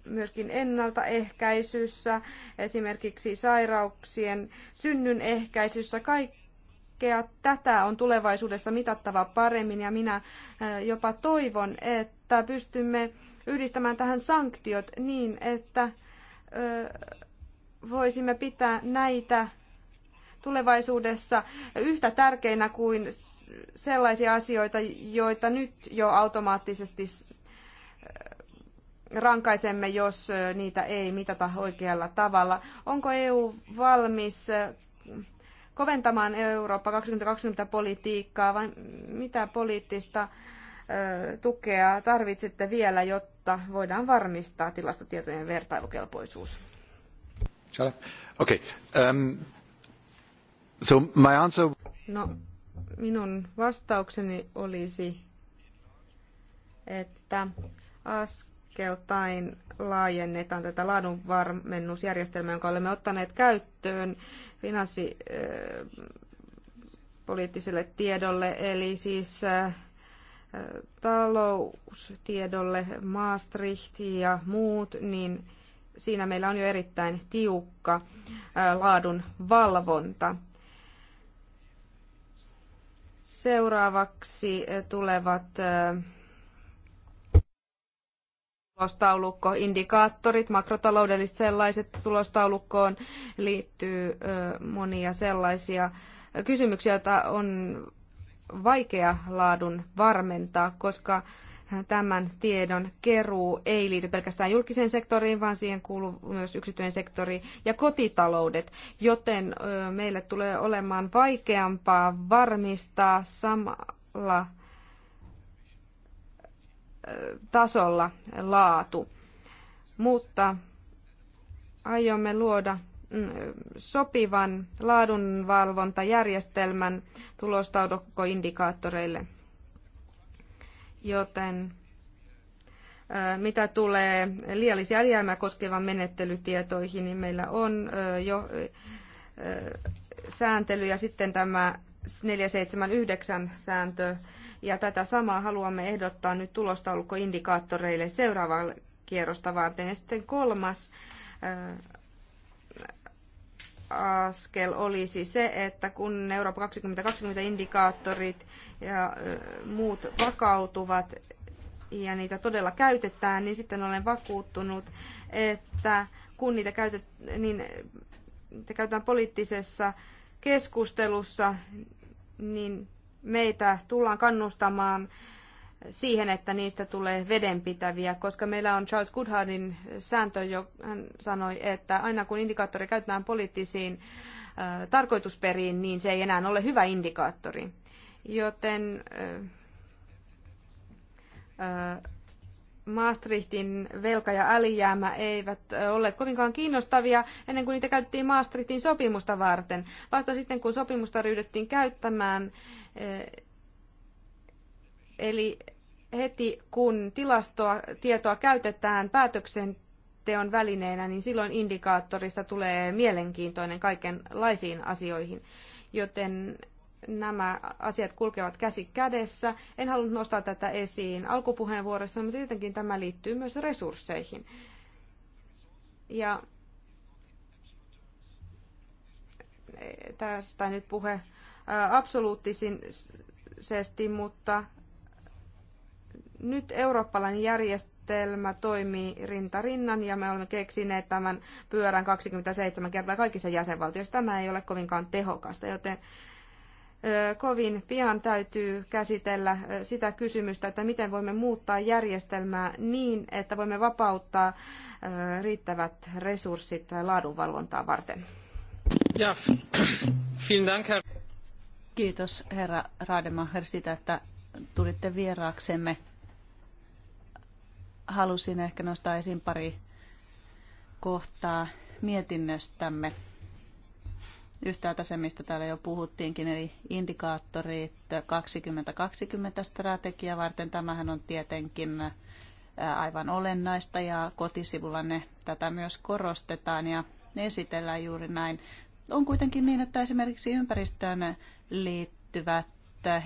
myöskin ennaltaehkäisyssä, esimerkiksi sairauksien synnyn ehkäisyssä. Kaikki kaikkea tätä on tulevaisuudessa mitattava paremmin ja minä jopa toivon, että pystymme yhdistämään tähän sanktiot niin, että voisimme pitää näitä tulevaisuudessa yhtä tärkeinä kuin sellaisia asioita, joita nyt jo automaattisesti rankaisemme, jos niitä ei mitata oikealla tavalla. Onko EU valmis koventamaan Eurooppa 2020-politiikkaa vai mitä poliittista tukea tarvitsette vielä, jotta voidaan varmistaa tilastotietojen vertailukelpoisuus? Okay. Um, so my answer... No, minun vastaukseni olisi, että ask askeltain laajennetaan tätä laadunvarmennusjärjestelmää, jonka olemme ottaneet käyttöön finanssipoliittiselle eh, tiedolle, eli siis eh, taloustiedolle Maastricht ja muut, niin siinä meillä on jo erittäin tiukka eh, laadun valvonta. Seuraavaksi tulevat tulostaulukko, indikaattorit, makrotaloudelliset sellaiset tulostaulukkoon liittyy monia sellaisia kysymyksiä, joita on vaikea laadun varmentaa, koska tämän tiedon keruu ei liity pelkästään julkiseen sektoriin, vaan siihen kuuluu myös yksityinen sektori ja kotitaloudet, joten meille tulee olemaan vaikeampaa varmistaa samalla tasolla laatu. Mutta aiomme luoda mm, sopivan laadunvalvontajärjestelmän tulostaudokkoindikaattoreille. Joten mitä tulee liiallisia alijäämää koskevan menettelytietoihin, niin meillä on jo sääntely ja sitten tämä 479 sääntö ja tätä samaa haluamme ehdottaa nyt tulostaulukkoindikaattoreille seuraavalle kierrosta varten. Ja sitten kolmas äh, askel olisi se, että kun Eurooppa 2020 indikaattorit ja äh, muut vakautuvat ja niitä todella käytetään, niin sitten olen vakuuttunut, että kun niitä, käytet, niin, niitä käytetään poliittisessa keskustelussa, niin meitä tullaan kannustamaan siihen, että niistä tulee vedenpitäviä, koska meillä on Charles Goodhardin sääntö, joka hän sanoi, että aina kun indikaattori käytetään poliittisiin tarkoitusperiin, niin se ei enää ole hyvä indikaattori. Joten Maastrichtin velka ja alijäämä eivät olleet kovinkaan kiinnostavia ennen kuin niitä käytettiin Maastrichtin sopimusta varten. Vasta sitten, kun sopimusta ryhdyttiin käyttämään, eh, eli heti kun tilastoa, tietoa käytetään päätöksenteon välineenä, niin silloin indikaattorista tulee mielenkiintoinen kaikenlaisiin asioihin. Joten nämä asiat kulkevat käsi kädessä. En halunnut nostaa tätä esiin alkupuheenvuorossa, mutta tietenkin tämä liittyy myös resursseihin. Ja tästä nyt puhe absoluuttisesti, mutta nyt eurooppalainen järjestelmä toimii rinta rinnan ja me olemme keksineet tämän pyörän 27 kertaa kaikissa jäsenvaltioissa. Tämä ei ole kovinkaan tehokasta, joten kovin pian täytyy käsitellä sitä kysymystä, että miten voimme muuttaa järjestelmää niin, että voimme vapauttaa riittävät resurssit laadunvalvontaa varten. Ja, dank, herr. Kiitos herra Rademacher sitä, että tulitte vieraaksemme. Halusin ehkä nostaa esiin pari kohtaa mietinnöstämme yhtäältä se, mistä täällä jo puhuttiinkin, eli indikaattorit 2020-strategia varten. Tämähän on tietenkin aivan olennaista ja kotisivulla ne tätä myös korostetaan ja esitellään juuri näin. On kuitenkin niin, että esimerkiksi ympäristöön liittyvät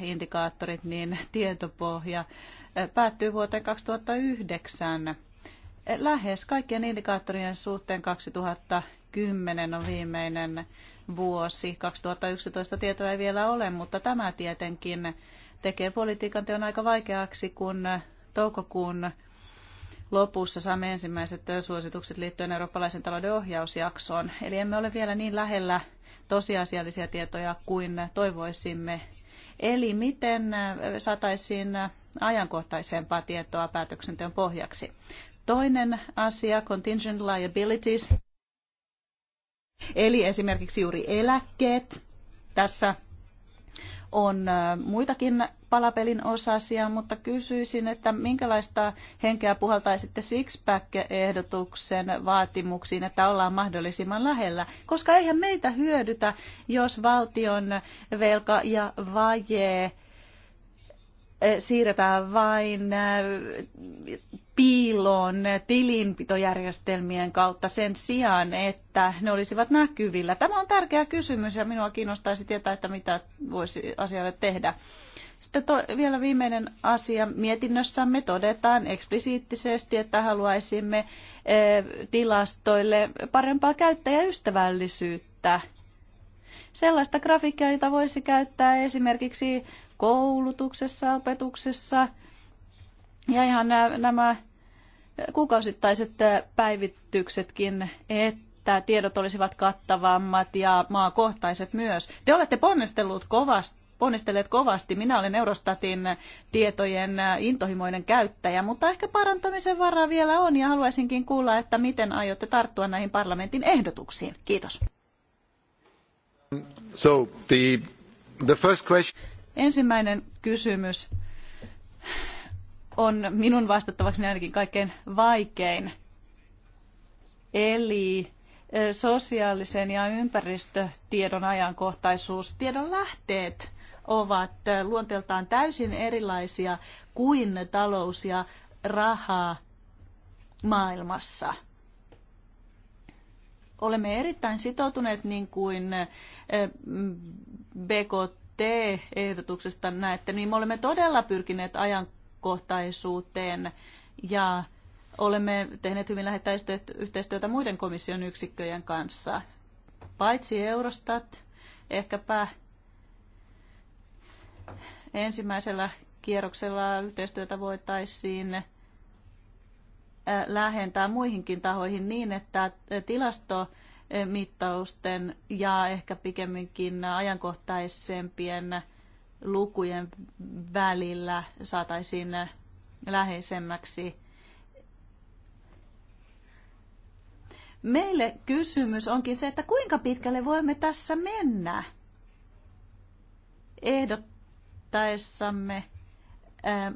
indikaattorit, niin tietopohja päättyy vuoteen 2009. Lähes kaikkien indikaattorien suhteen 2010 on viimeinen vuosi. 2011 tietoa ei vielä ole, mutta tämä tietenkin tekee politiikan teon aika vaikeaksi, kun toukokuun lopussa saamme ensimmäiset suositukset liittyen eurooppalaisen talouden ohjausjaksoon. Eli emme ole vielä niin lähellä tosiasiallisia tietoja kuin toivoisimme. Eli miten saataisiin ajankohtaisempaa tietoa päätöksenteon pohjaksi? Toinen asia, contingent liabilities. Eli esimerkiksi juuri eläkkeet. Tässä on muitakin palapelin osasia, mutta kysyisin, että minkälaista henkeä puhaltaisitte Sixpack-ehdotuksen vaatimuksiin, että ollaan mahdollisimman lähellä, koska eihän meitä hyödytä, jos valtion velka ja vajee siirretään vain piiloon tilinpitojärjestelmien kautta sen sijaan, että ne olisivat näkyvillä? Tämä on tärkeä kysymys ja minua kiinnostaisi tietää, että mitä voisi asialle tehdä. Sitten to, vielä viimeinen asia. Mietinnössämme todetaan eksplisiittisesti, että haluaisimme tilastoille parempaa käyttäjäystävällisyyttä. Sellaista grafiikkaa, jota voisi käyttää esimerkiksi koulutuksessa, opetuksessa ja ihan nämä, nämä kuukausittaiset päivityksetkin, että tiedot olisivat kattavammat ja maakohtaiset myös. Te olette ponnistellut kovasti ponnistelleet kovasti. Minä olen Eurostatin tietojen intohimoinen käyttäjä, mutta ehkä parantamisen varaa vielä on ja haluaisinkin kuulla, että miten aiotte tarttua näihin parlamentin ehdotuksiin. Kiitos. So the, the first question... Ensimmäinen kysymys on minun vastattavaksi ainakin kaikkein vaikein. Eli sosiaalisen ja ympäristötiedon ajankohtaisuus, tiedon lähteet ovat luonteeltaan täysin erilaisia kuin talous ja raha maailmassa. Olemme erittäin sitoutuneet, niin kuin BKT te ehdotuksesta näette, niin me olemme todella pyrkineet ajankohtaisuuteen ja olemme tehneet hyvin lähettäistä yhteistyötä muiden komission yksikköjen kanssa. Paitsi Eurostat, ehkäpä ensimmäisellä kierroksella yhteistyötä voitaisiin äh, lähentää muihinkin tahoihin niin, että tilasto mittausten ja ehkä pikemminkin ajankohtaisempien lukujen välillä saataisiin läheisemmäksi. Meille kysymys onkin se, että kuinka pitkälle voimme tässä mennä ehdottaessamme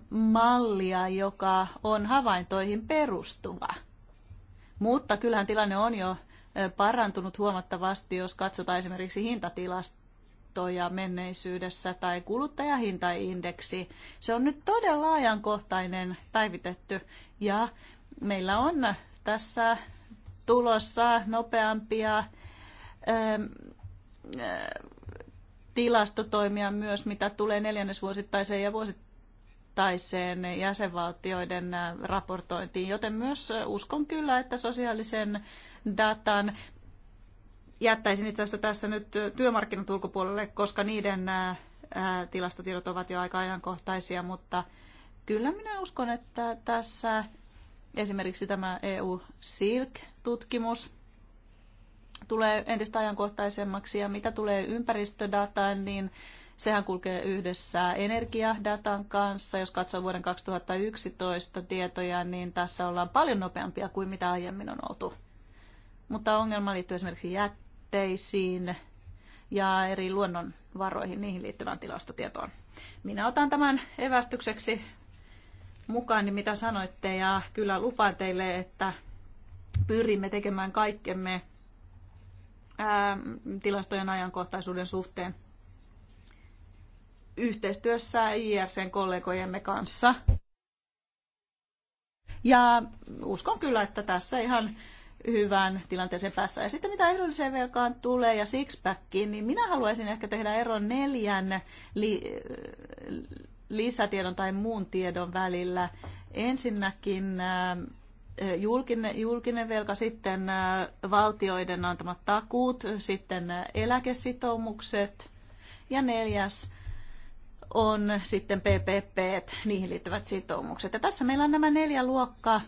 mallia, joka on havaintoihin perustuva. Mutta kyllähän tilanne on jo parantunut huomattavasti, jos katsotaan esimerkiksi hintatilastoja menneisyydessä tai kuluttajahintaindeksi. Se on nyt todella ajankohtainen, päivitetty ja meillä on tässä tulossa nopeampia ähm, äh, tilastotoimia myös, mitä tulee neljännesvuosittaiseen ja vuosittaiseen vuosittaiseen jäsenvaltioiden raportointiin, joten myös uskon kyllä, että sosiaalisen datan jättäisin itse asiassa tässä nyt työmarkkinat ulkopuolelle, koska niiden tilastotiedot ovat jo aika ajankohtaisia, mutta kyllä minä uskon, että tässä esimerkiksi tämä EU-SILK-tutkimus tulee entistä ajankohtaisemmaksi ja mitä tulee ympäristödataan, niin Sehän kulkee yhdessä energiadatan kanssa. Jos katsoo vuoden 2011 tietoja, niin tässä ollaan paljon nopeampia kuin mitä aiemmin on oltu. Mutta ongelma liittyy esimerkiksi jätteisiin ja eri luonnonvaroihin, niihin liittyvään tilastotietoon. Minä otan tämän evästykseksi mukaan, niin mitä sanoitte, ja kyllä lupaan teille, että pyrimme tekemään kaikkemme ää, tilastojen ajankohtaisuuden suhteen yhteistyössä IRCn kollegojemme kanssa. Ja uskon kyllä, että tässä ihan hyvään tilanteeseen päässä. Ja sitten mitä ehdolliseen velkaan tulee ja sixpackiin, niin minä haluaisin ehkä tehdä eron neljän li- lisätiedon tai muun tiedon välillä. Ensinnäkin äh, julkinen, julkinen velka, sitten äh, valtioiden antamat takuut, sitten äh, eläkesitoumukset ja neljäs on sitten PPP, niihin liittyvät sitoumukset. Ja tässä meillä on nämä neljä luokkaa.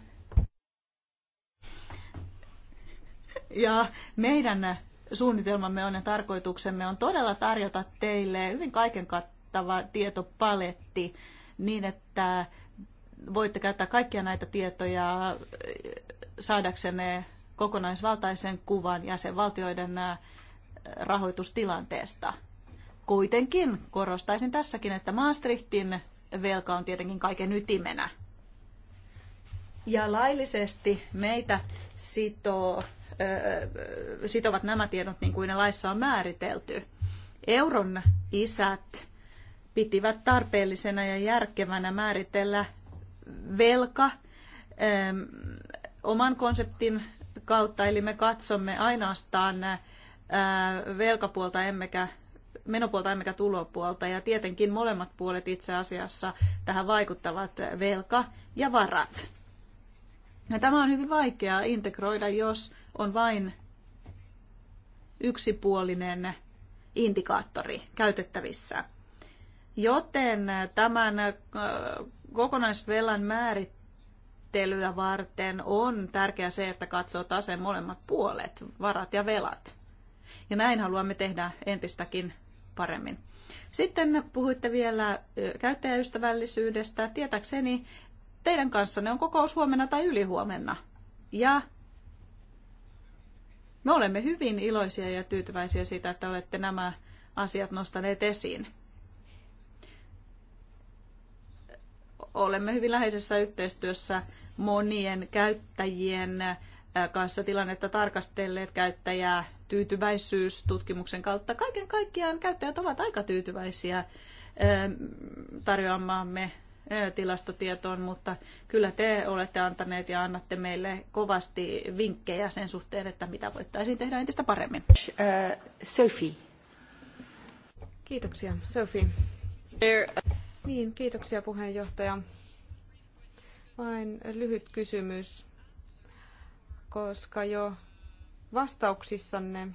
Ja meidän suunnitelmamme on ja tarkoituksemme on todella tarjota teille hyvin kaiken kattava tietopaletti niin, että voitte käyttää kaikkia näitä tietoja eh, saadaksenne kokonaisvaltaisen kuvan jäsenvaltioiden eh, rahoitustilanteesta – kuitenkin korostaisin tässäkin, että Maastrichtin velka on tietenkin kaiken ytimenä. Ja laillisesti meitä sitoo, sitovat nämä tiedot niin kuin ne laissa on määritelty. Euron isät pitivät tarpeellisena ja järkevänä määritellä velka oman konseptin kautta, eli me katsomme ainoastaan velkapuolta emmekä menopuolta emmekä tulopuolta. Ja tietenkin molemmat puolet itse asiassa tähän vaikuttavat velka ja varat. Ja tämä on hyvin vaikeaa integroida, jos on vain yksipuolinen indikaattori käytettävissä. Joten tämän äh, kokonaisvelan määrittelyä varten on tärkeää se, että katsoo taseen molemmat puolet, varat ja velat. Ja näin haluamme tehdä entistäkin paremmin. Sitten puhuitte vielä käyttäjäystävällisyydestä. Tietäkseni teidän kanssanne on kokous huomenna tai ylihuomenna. Ja me olemme hyvin iloisia ja tyytyväisiä siitä, että olette nämä asiat nostaneet esiin. Olemme hyvin läheisessä yhteistyössä monien käyttäjien kanssa tilannetta tarkastelleet käyttäjää tyytyväisyystutkimuksen kautta. Kaiken kaikkiaan käyttäjät ovat aika tyytyväisiä tarjoamaamme tilastotietoon, mutta kyllä te olette antaneet ja annatte meille kovasti vinkkejä sen suhteen, että mitä voittaisiin tehdä entistä paremmin. Sophie. Kiitoksia, Sophie. Niin, kiitoksia puheenjohtaja. Vain lyhyt kysymys, koska jo Vastauksissanne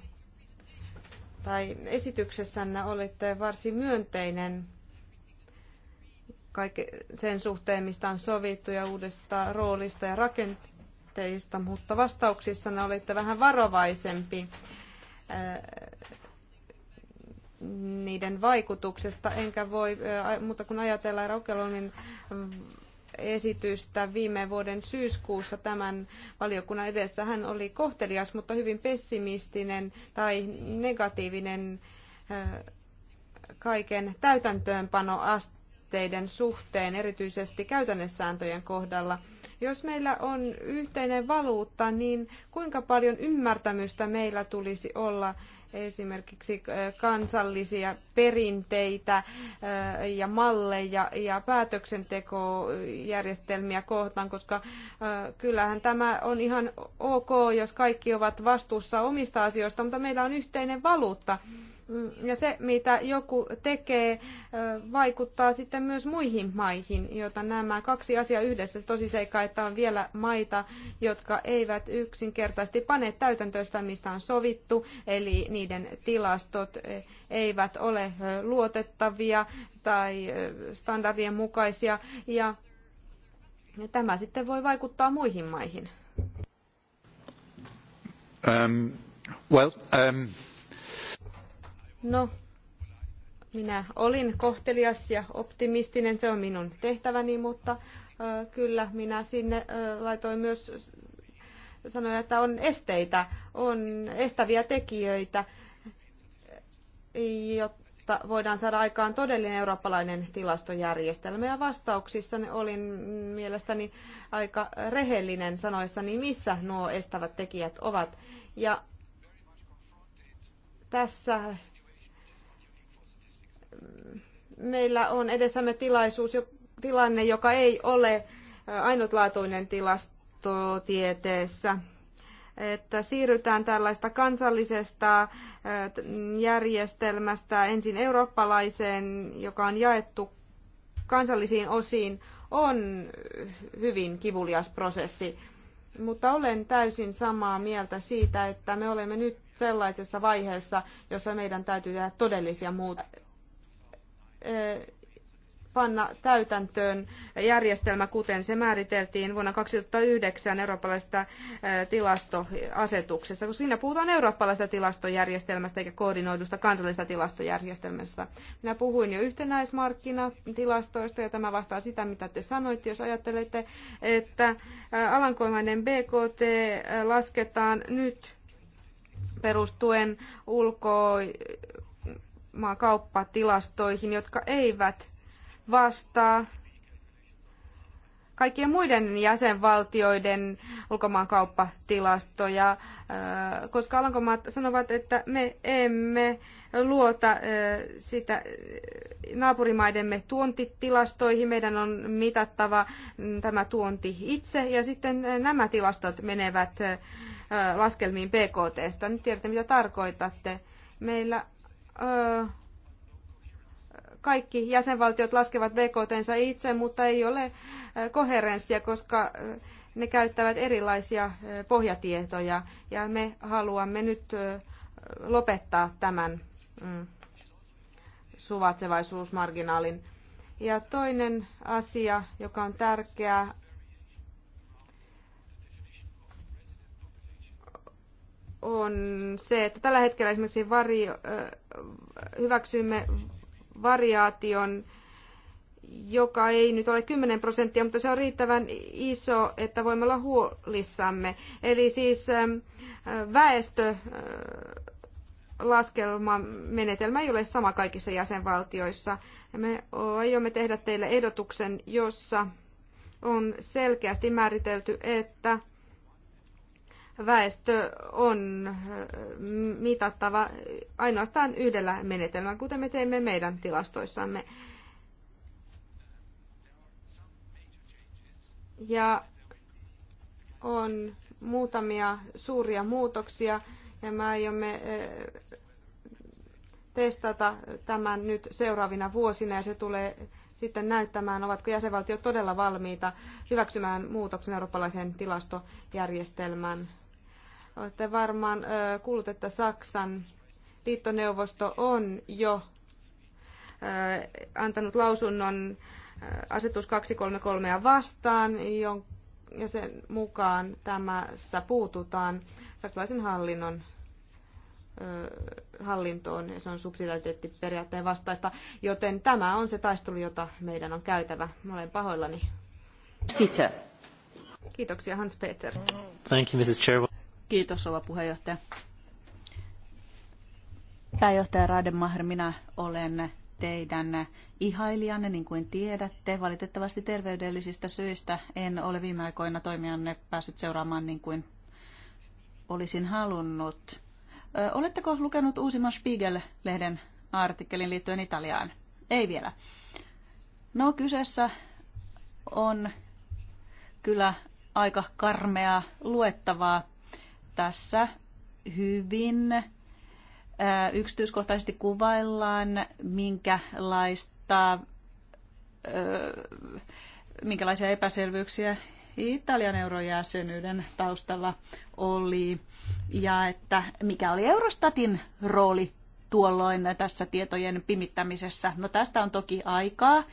tai esityksessänne olitte varsin myönteinen kaiken sen suhteen, mistä on sovittu ja uudesta roolista ja rakenteista, mutta vastauksissanne olitte vähän varovaisempi äh, niiden vaikutuksesta, enkä voi äh, mutta kun ajatellaan Raukelonin esitystä viime vuoden syyskuussa tämän valiokunnan edessä. Hän oli kohtelias, mutta hyvin pessimistinen tai negatiivinen kaiken täytäntöönpanoasteiden suhteen, erityisesti käytännössääntöjen kohdalla. Jos meillä on yhteinen valuutta, niin kuinka paljon ymmärtämystä meillä tulisi olla esimerkiksi äh, kansallisia perinteitä äh, ja malleja ja päätöksentekojärjestelmiä kohtaan, koska äh, kyllähän tämä on ihan ok, jos kaikki ovat vastuussa omista asioista, mutta meillä on yhteinen valuutta. Mm, ja se, mitä joku tekee, vaikuttaa sitten myös muihin maihin, joita nämä kaksi asiaa yhdessä. Tosi seikka, että on vielä maita, jotka eivät yksinkertaisesti pane täytäntöistä, mistä on sovittu, eli niiden tilastot eivät ole luotettavia tai standardien mukaisia, ja tämä sitten voi vaikuttaa muihin maihin. Um, well, um... No, minä olin kohtelias ja optimistinen, se on minun tehtäväni, mutta kyllä minä sinne laitoin myös sanoja, että on esteitä, on estäviä tekijöitä, jotta voidaan saada aikaan todellinen eurooppalainen tilastojärjestelmä. Ja vastauksissa olin mielestäni aika rehellinen sanoissani, missä nuo estävät tekijät ovat. Ja tässä meillä on edessämme tilaisuus, tilanne, joka ei ole ainutlaatuinen tilastotieteessä että siirrytään tällaista kansallisesta järjestelmästä ensin eurooppalaiseen, joka on jaettu kansallisiin osiin, on hyvin kivulias prosessi. Mutta olen täysin samaa mieltä siitä, että me olemme nyt sellaisessa vaiheessa, jossa meidän täytyy tehdä todellisia muutoksia panna täytäntöön järjestelmä, kuten se määriteltiin vuonna 2009 eurooppalaisesta tilastoasetuksessa, koska siinä puhutaan eurooppalaisesta tilastojärjestelmästä eikä koordinoidusta kansallisesta tilastojärjestelmästä. Minä puhuin jo yhtenäismarkkinatilastoista ja tämä vastaa sitä, mitä te sanoitte, jos ajattelette, että alankoimainen BKT lasketaan nyt perustuen ulko maakauppatilastoihin, jotka eivät vastaa kaikkien muiden jäsenvaltioiden ulkomaankauppatilastoja, koska Alankomaat sanovat, että me emme luota sitä naapurimaidemme tuontitilastoihin. Meidän on mitattava mm, tämä tuonti itse ja sitten nämä tilastot menevät laskelmiin PKTstä. Nyt tiedätte, mitä tarkoitatte. Meillä kaikki jäsenvaltiot laskevat BKTnsa itse, mutta ei ole koherenssia, koska ne käyttävät erilaisia pohjatietoja ja me haluamme nyt lopettaa tämän mm, suvatsevaisuusmarginaalin. Ja toinen asia, joka on tärkeä, on se, että tällä hetkellä esimerkiksi vario, hyväksymme variaation, joka ei nyt ole 10 prosenttia, mutta se on riittävän iso, että voimme olla huolissamme. Eli siis ähm, väestö äh, laskelmamenetelmä ei ole sama kaikissa jäsenvaltioissa. Me aiomme tehdä teille ehdotuksen, jossa on selkeästi määritelty, että väestö on äh, mitattava ainoastaan yhdellä menetelmällä, kuten me teemme meidän tilastoissamme. Ja on muutamia suuria muutoksia ja me aiomme äh, testata tämän nyt seuraavina vuosina ja se tulee sitten näyttämään, ovatko jäsenvaltiot todella valmiita hyväksymään muutoksen eurooppalaisen tilastojärjestelmän Olette varmaan kuullut, että Saksan liittoneuvosto on jo antanut lausunnon asetus 233 vastaan, jonka ja sen mukaan tämässä puututaan saksalaisen hallinnon hallintoon, ja se on subsidiariteettiperiaatteen vastaista, joten tämä on se taistelu, jota meidän on käytävä. Mä olen pahoillani. Peter. Kiitoksia, Hans Peter. Thank you, Mrs. Chair. Kiitos, rouva puheenjohtaja. Pääjohtaja Rademacher, minä olen teidän ihailijanne, niin kuin tiedätte. Valitettavasti terveydellisistä syistä en ole viime aikoina toimijanne päässyt seuraamaan niin kuin olisin halunnut. Oletteko lukenut uusimman Spiegel-lehden artikkelin liittyen Italiaan? Ei vielä. No, kyseessä on kyllä aika karmea luettavaa tässä hyvin äh, yksityiskohtaisesti kuvaillaan, minkälaista, äh, minkälaisia epäselvyyksiä Italian eurojäsenyyden taustalla oli ja että mikä oli Eurostatin rooli tuolloin tässä tietojen pimittämisessä. No tästä on toki aikaa,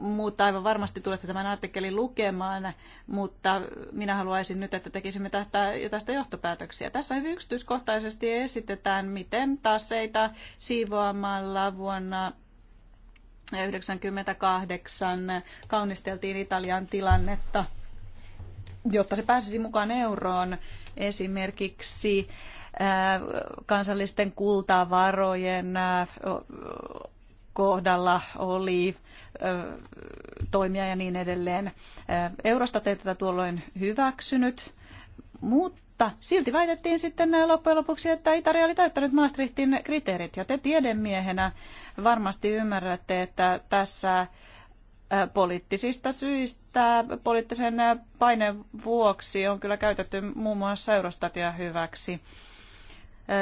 mutta aivan varmasti tulette tämän artikkelin lukemaan, mutta minä haluaisin nyt, että tekisimme tästä, tästä johtopäätöksiä. Tässä hyvin yksityiskohtaisesti esitetään, miten taseita siivoamalla vuonna 1998 kaunisteltiin Italian tilannetta, jotta se pääsisi mukaan euroon esimerkiksi kansallisten kultavarojen kohdalla oli toimia ja niin edelleen. Eurostat ei tätä tuolloin hyväksynyt, mutta silti väitettiin sitten loppujen lopuksi, että Italia oli täyttänyt Maastrichtin kriteerit. Ja te tiedemiehenä varmasti ymmärrätte, että tässä poliittisista syistä, poliittisen paineen vuoksi on kyllä käytetty muun muassa Eurostatia hyväksi.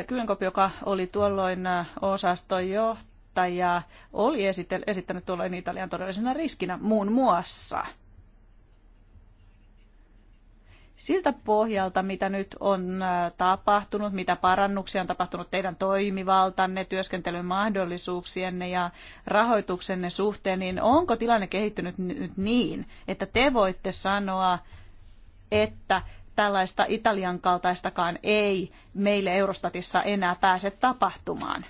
Kylenkop, joka oli tuolloin osastojohtaja, verottaja oli esittänyt tuolloin Italian todellisena riskinä muun muassa. Siltä pohjalta, mitä nyt on äh, tapahtunut, mitä parannuksia on tapahtunut teidän toimivaltanne, työskentelyn mahdollisuuksienne ja rahoituksenne suhteen, niin onko tilanne kehittynyt nyt niin, että te voitte sanoa, että tällaista Italian kaltaistakaan ei meille Eurostatissa enää pääse tapahtumaan?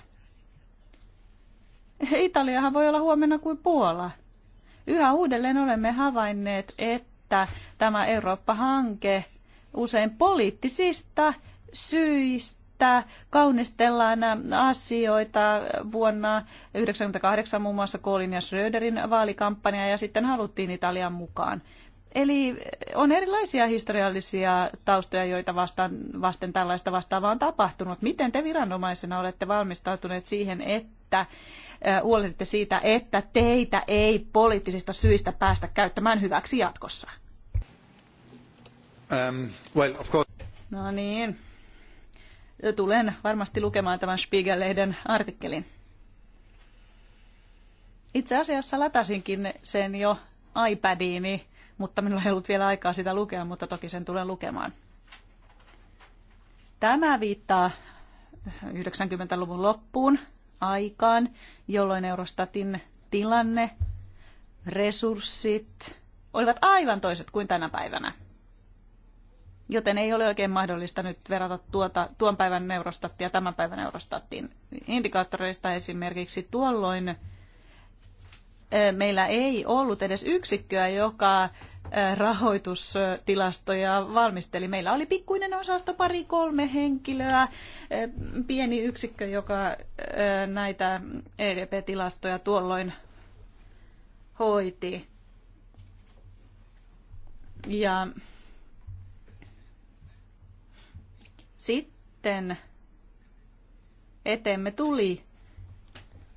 Italiahan voi olla huomenna kuin Puola. Yhä uudelleen olemme havainneet, että tämä Eurooppa-hanke usein poliittisista syistä kaunistellaan asioita vuonna 1998 muun muassa Koolin ja Schröderin vaalikampanja ja sitten haluttiin Italian mukaan. Eli on erilaisia historiallisia taustoja, joita vastaan, vasten tällaista vastaavaa on tapahtunut. Miten te viranomaisena olette valmistautuneet siihen, että että huolehditte siitä, että teitä ei poliittisista syistä päästä käyttämään hyväksi jatkossa? Um, well, of course. No niin. Tulen varmasti lukemaan tämän Spiegel-lehden artikkelin. Itse asiassa latasinkin sen jo iPadiini, mutta minulla ei ollut vielä aikaa sitä lukea, mutta toki sen tulen lukemaan. Tämä viittaa 90-luvun loppuun aikaan, jolloin Eurostatin tilanne, resurssit olivat aivan toiset kuin tänä päivänä. Joten ei ole oikein mahdollista nyt verrata tuota, tuon päivän Eurostattia tämän päivän Eurostatin indikaattoreista esimerkiksi tuolloin meillä ei ollut edes yksikköä, joka rahoitustilastoja valmisteli. Meillä oli pikkuinen osasto, pari kolme henkilöä, pieni yksikkö, joka näitä EDP-tilastoja tuolloin hoiti. Ja sitten eteemme tuli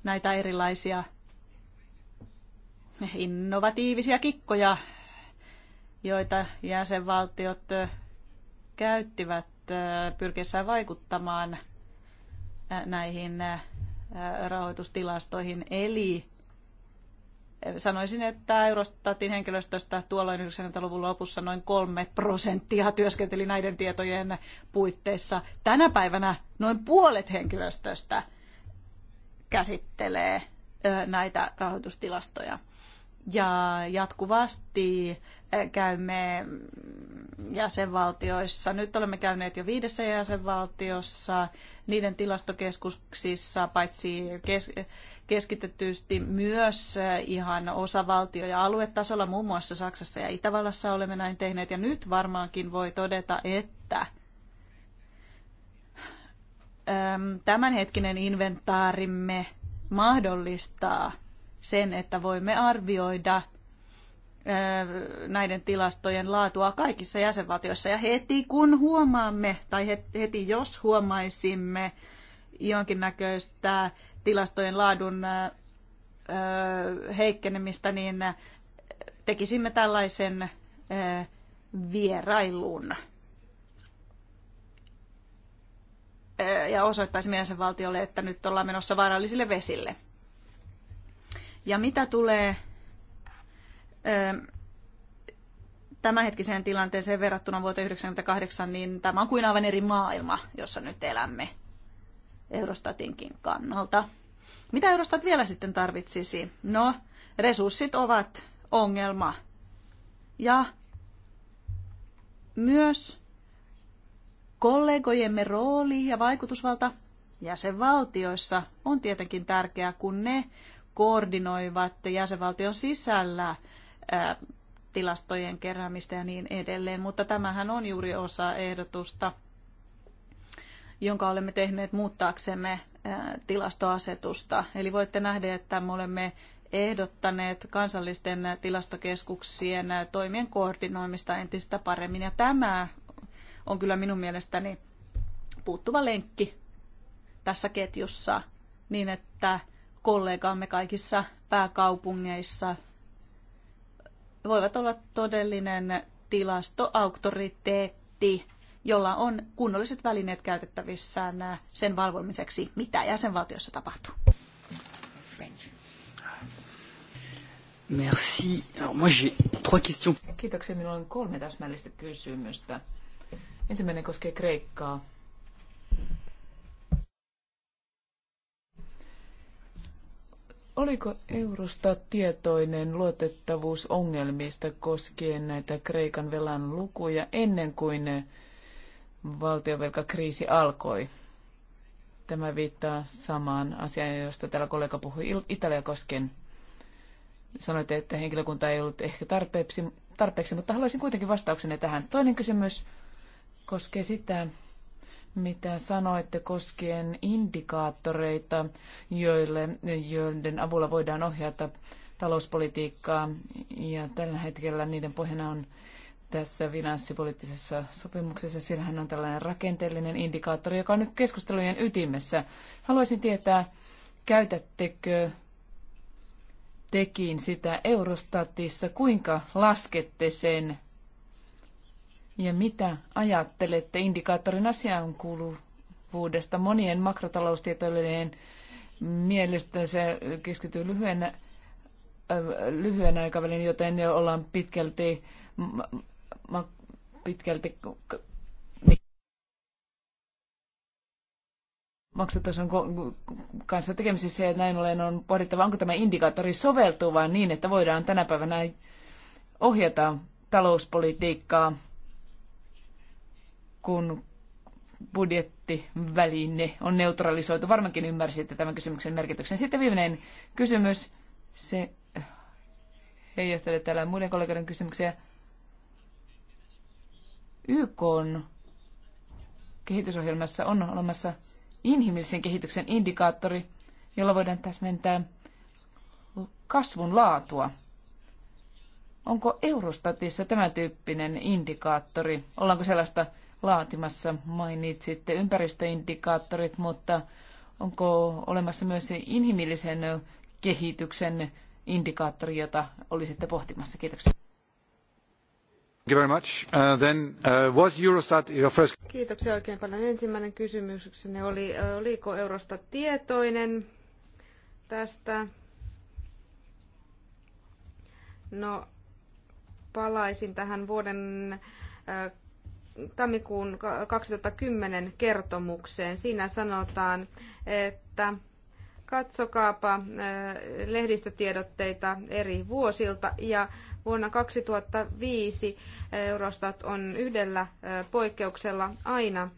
näitä erilaisia innovatiivisia kikkoja, joita jäsenvaltiot käyttivät pyrkiessään vaikuttamaan näihin rahoitustilastoihin. Eli sanoisin, että Eurostatin henkilöstöstä tuolloin 90-luvun lopussa noin kolme prosenttia työskenteli näiden tietojen puitteissa. Tänä päivänä noin puolet henkilöstöstä käsittelee näitä rahoitustilastoja ja jatkuvasti eh, käymme jäsenvaltioissa. Nyt olemme käyneet jo viidessä jäsenvaltiossa, niiden tilastokeskuksissa, paitsi kes- keskitetysti myös eh, ihan osavaltio- ja aluetasolla, muun muassa Saksassa ja Itävallassa olemme näin tehneet. Ja nyt varmaankin voi todeta, että ehm, tämänhetkinen inventaarimme mahdollistaa sen, että voimme arvioida näiden tilastojen laatua kaikissa jäsenvaltioissa. Ja heti kun huomaamme, tai heti jos huomaisimme jonkinnäköistä tilastojen laadun heikkenemistä, niin tekisimme tällaisen vierailun ja osoittaisimme jäsenvaltiolle, että nyt ollaan menossa vaarallisille vesille. Ja mitä tulee tämänhetkiseen tilanteeseen verrattuna vuoteen 1998, niin tämä on kuin aivan eri maailma, jossa nyt elämme Eurostatinkin kannalta. Mitä Eurostat vielä sitten tarvitsisi? No, resurssit ovat ongelma. Ja myös kollegojemme rooli ja vaikutusvalta jäsenvaltioissa on tietenkin tärkeää, kun ne koordinoivat jäsenvaltion sisällä tilastojen keräämistä ja niin edelleen, mutta tämähän on juuri osa ehdotusta, jonka olemme tehneet muuttaaksemme tilastoasetusta. Eli voitte nähdä, että me olemme ehdottaneet kansallisten tilastokeskuksien toimien koordinoimista entistä paremmin. Ja tämä on kyllä minun mielestäni puuttuva lenkki tässä ketjussa, niin että kollegaamme kaikissa pääkaupungeissa voivat olla todellinen tilastoauktoriteetti, jolla on kunnolliset välineet käytettävissään sen valvomiseksi, mitä jäsenvaltiossa tapahtuu. Merci. Alors moi trois questions. Kiitoksia. Minulla on kolme täsmällistä kysymystä. Ensimmäinen koskee Kreikkaa. Oliko eurosta tietoinen luotettavuusongelmista koskien näitä Kreikan velan lukuja ennen kuin valtionvelkakriisi alkoi? Tämä viittaa samaan asiaan, josta täällä kollega puhui Italia koskien. Sanoitte, että henkilökunta ei ollut ehkä tarpeeksi, tarpeeksi mutta haluaisin kuitenkin vastauksenne tähän. Toinen kysymys koskee sitä, mitä sanoitte koskien indikaattoreita, joille, joiden avulla voidaan ohjata talouspolitiikkaa. Ja tällä hetkellä niiden pohjana on tässä finanssipoliittisessa sopimuksessa. Siellähän on tällainen rakenteellinen indikaattori, joka on nyt keskustelujen ytimessä. Haluaisin tietää, käytättekö tekin sitä Eurostatissa, kuinka laskette sen ja mitä ajattelette indikaattorin asiaan kuuluvuudesta? Monien makrotaloustieteilijöiden mielestä se keskittyy lyhyen, lyhyen aikavälin, joten jo ollaan pitkälti, pitkälti maksatason kanssa tekemisissä ja näin ollen on pohdittava, onko tämä indikaattori soveltuva niin, että voidaan tänä päivänä ohjata talouspolitiikkaa kun budjettiväline on neutralisoitu. Varmankin ymmärsitte tämän kysymyksen merkityksen. Sitten viimeinen kysymys. Se heijastelee täällä muiden kollegoiden kysymyksiä. YK on kehitysohjelmassa on olemassa inhimillisen kehityksen indikaattori, jolla voidaan täsmentää kasvun laatua. Onko Eurostatissa tämä tyyppinen indikaattori? Ollaanko sellaista laatimassa. Mainitsitte ympäristöindikaattorit, mutta onko olemassa myös inhimillisen kehityksen indikaattori, jota olisitte pohtimassa? Kiitoksia. Thank you very much. Uh, then, uh, was Eurostat your first... Kiitoksia oikein paljon. Ensimmäinen kysymyksenne oli, uh, oliko Eurostat tietoinen tästä? No, palaisin tähän vuoden uh, tammikuun 2010 kertomukseen. Siinä sanotaan, että katsokaapa lehdistötiedotteita eri vuosilta ja vuonna 2005 Eurostat on yhdellä poikkeuksella aina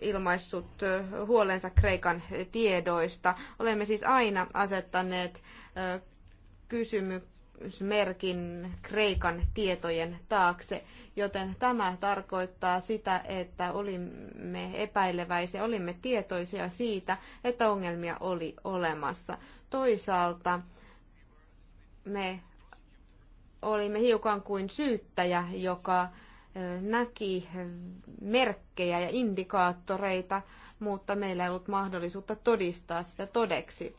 ilmaissut huolensa Kreikan tiedoista. Olemme siis aina asettaneet kysymyksiä merkin Kreikan tietojen taakse, joten tämä tarkoittaa sitä, että olimme epäileväisiä, olimme tietoisia siitä, että ongelmia oli olemassa. Toisaalta me olimme hiukan kuin syyttäjä, joka näki merkkejä ja indikaattoreita, mutta meillä ei ollut mahdollisuutta todistaa sitä todeksi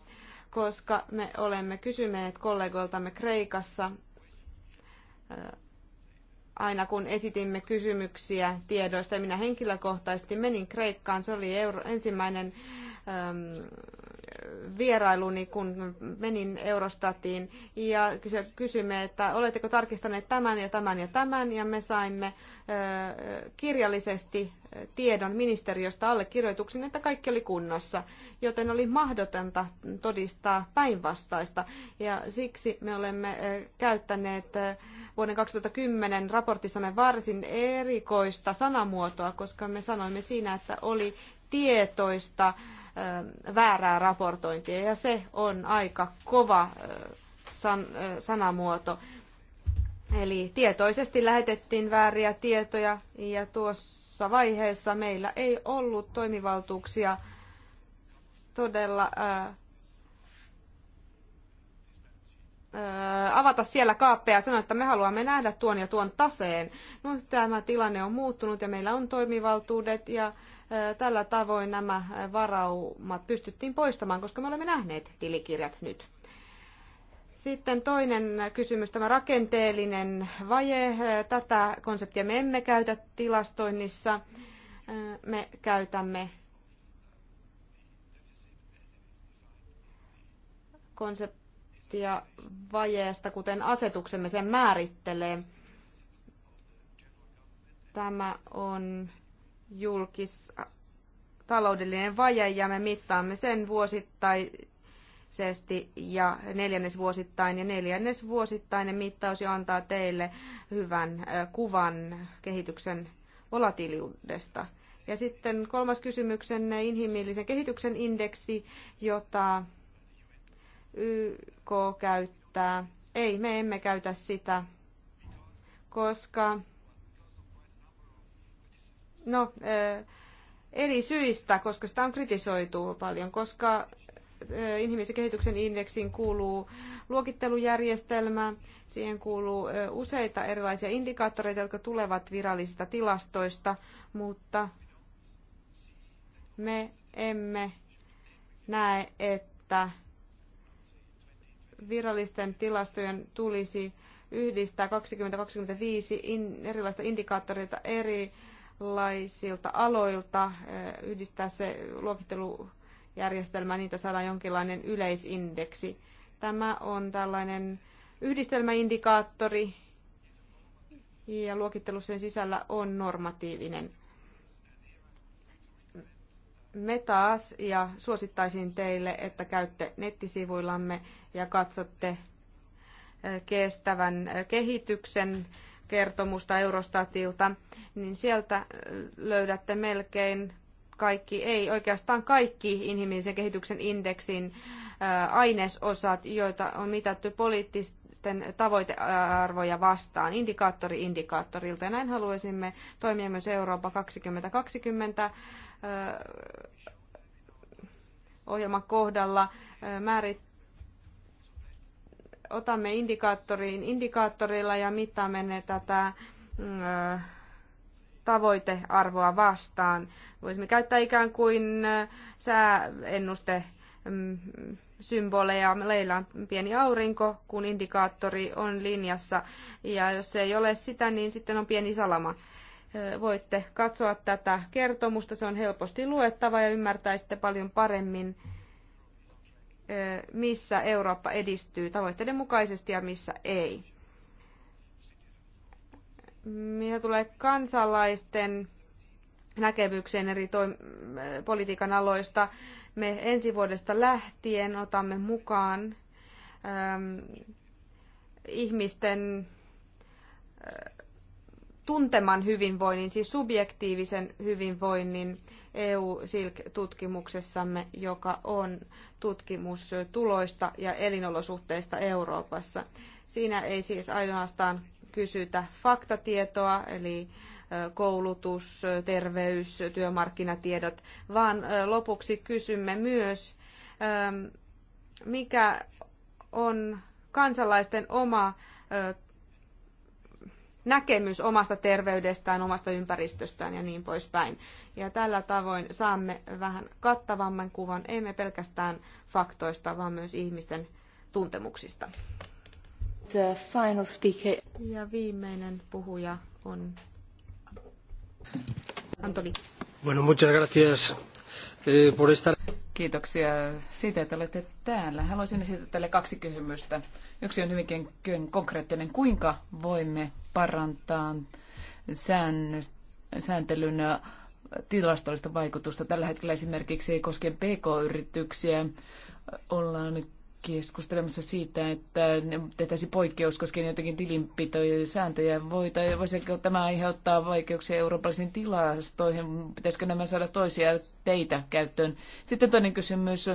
koska me olemme kysyneet kollegoiltamme Kreikassa aina kun esitimme kysymyksiä tiedoista. Minä henkilökohtaisesti menin Kreikkaan. Se oli euro, ensimmäinen vierailuni, kun menin Eurostatiin ja kysyimme, että oletteko tarkistaneet tämän ja tämän ja tämän ja me saimme kirjallisesti tiedon ministeriöstä allekirjoituksen, että kaikki oli kunnossa, joten oli mahdotonta todistaa päinvastaista. Ja siksi me olemme käyttäneet vuoden 2010 raportissamme varsin erikoista sanamuotoa, koska me sanoimme siinä, että oli tietoista äh, väärää raportointia ja se on aika kova sanamuoto. Eli tietoisesti lähetettiin vääriä tietoja ja tuossa vaiheessa meillä ei ollut toimivaltuuksia todella ää, avata siellä kaappeja ja sanoa, että me haluamme nähdä tuon ja tuon taseen. No, tämä tilanne on muuttunut ja meillä on toimivaltuudet ja ää, Tällä tavoin nämä varaumat pystyttiin poistamaan, koska me olemme nähneet tilikirjat nyt. Sitten toinen kysymys, tämä rakenteellinen vaje. Tätä konseptia me emme käytä tilastoinnissa. Me käytämme konseptia vajeesta, kuten asetuksemme sen määrittelee. Tämä on julkis taloudellinen vaje ja me mittaamme sen vuosittaisesti ja neljännesvuosittain. Ja neljännesvuosittainen mittaus jo antaa teille hyvän kuvan kehityksen volatiliudesta. Ja sitten kolmas kysymyksenne, inhimillisen kehityksen indeksi, jota YK käyttää. Ei, me emme käytä sitä, koska No, eri syistä, koska sitä on kritisoitu paljon, koska inhimillisen kehityksen indeksiin kuuluu luokittelujärjestelmä, siihen kuuluu useita erilaisia indikaattoreita, jotka tulevat virallisista tilastoista, mutta me emme näe, että virallisten tilastojen tulisi yhdistää 2025 erilaista indikaattoreita eri erilaisilta aloilta, eh, yhdistää se luokittelujärjestelmä, niitä saadaan jonkinlainen yleisindeksi. Tämä on tällainen yhdistelmäindikaattori ja luokittelu sen sisällä on normatiivinen. Me taas ja suosittaisin teille, että käytte nettisivuillamme ja katsotte eh, kestävän eh, kehityksen kertomusta Eurostatilta, niin sieltä löydätte melkein kaikki, ei oikeastaan kaikki inhimillisen kehityksen indeksin äh, ainesosat, joita on mitattu poliittisten tavoitearvoja vastaan, indikaattori indikaattorilta. Ja näin haluaisimme toimia myös Eurooppa 2020 äh, ohjelman kohdalla äh, määrittää otamme indikaattoriin indikaattorilla ja mittaamme ne tätä mm, tavoitearvoa vastaan. Voisimme käyttää ikään kuin sääennuste mm, symboleja. Meillä on pieni aurinko, kun indikaattori on linjassa. Ja jos ei ole sitä, niin sitten on pieni salama. Voitte katsoa tätä kertomusta. Se on helposti luettava ja ymmärtäisitte paljon paremmin missä Eurooppa edistyy tavoitteiden mukaisesti ja missä ei. Mitä tulee kansalaisten näkemykseen eri toim- politiikan aloista, me ensi vuodesta lähtien otamme mukaan ähm, ihmisten tunteman hyvinvoinnin, siis subjektiivisen hyvinvoinnin EU-SILK-tutkimuksessamme, joka on tutkimus tuloista ja elinolosuhteista Euroopassa. Siinä ei siis ainoastaan kysytä faktatietoa, eli koulutus, terveys, työmarkkinatiedot, vaan lopuksi kysymme myös, mikä on kansalaisten oma näkemys omasta terveydestään, omasta ympäristöstään ja niin poispäin. Ja tällä tavoin saamme vähän kattavamman kuvan, emme pelkästään faktoista, vaan myös ihmisten tuntemuksista. The final speaker. Ja viimeinen puhuja on Antoni. Bueno, muchas gracias eh, por estar Kiitoksia siitä, että olette täällä. Haluaisin esittää teille kaksi kysymystä. Yksi on hyvinkin konkreettinen. Kuinka voimme parantaa sääntelyn tilastollista vaikutusta? Tällä hetkellä esimerkiksi koskien pk-yrityksiä ollaan nyt keskustelemassa siitä, että tehtäisiin poikkeus koskien jotenkin tilinpitoja ja sääntöjä. Voisiko tämä aiheuttaa vaikeuksia eurooppalaisiin tilastoihin? Pitäisikö nämä saada toisia teitä käyttöön? Sitten toinen kysymys.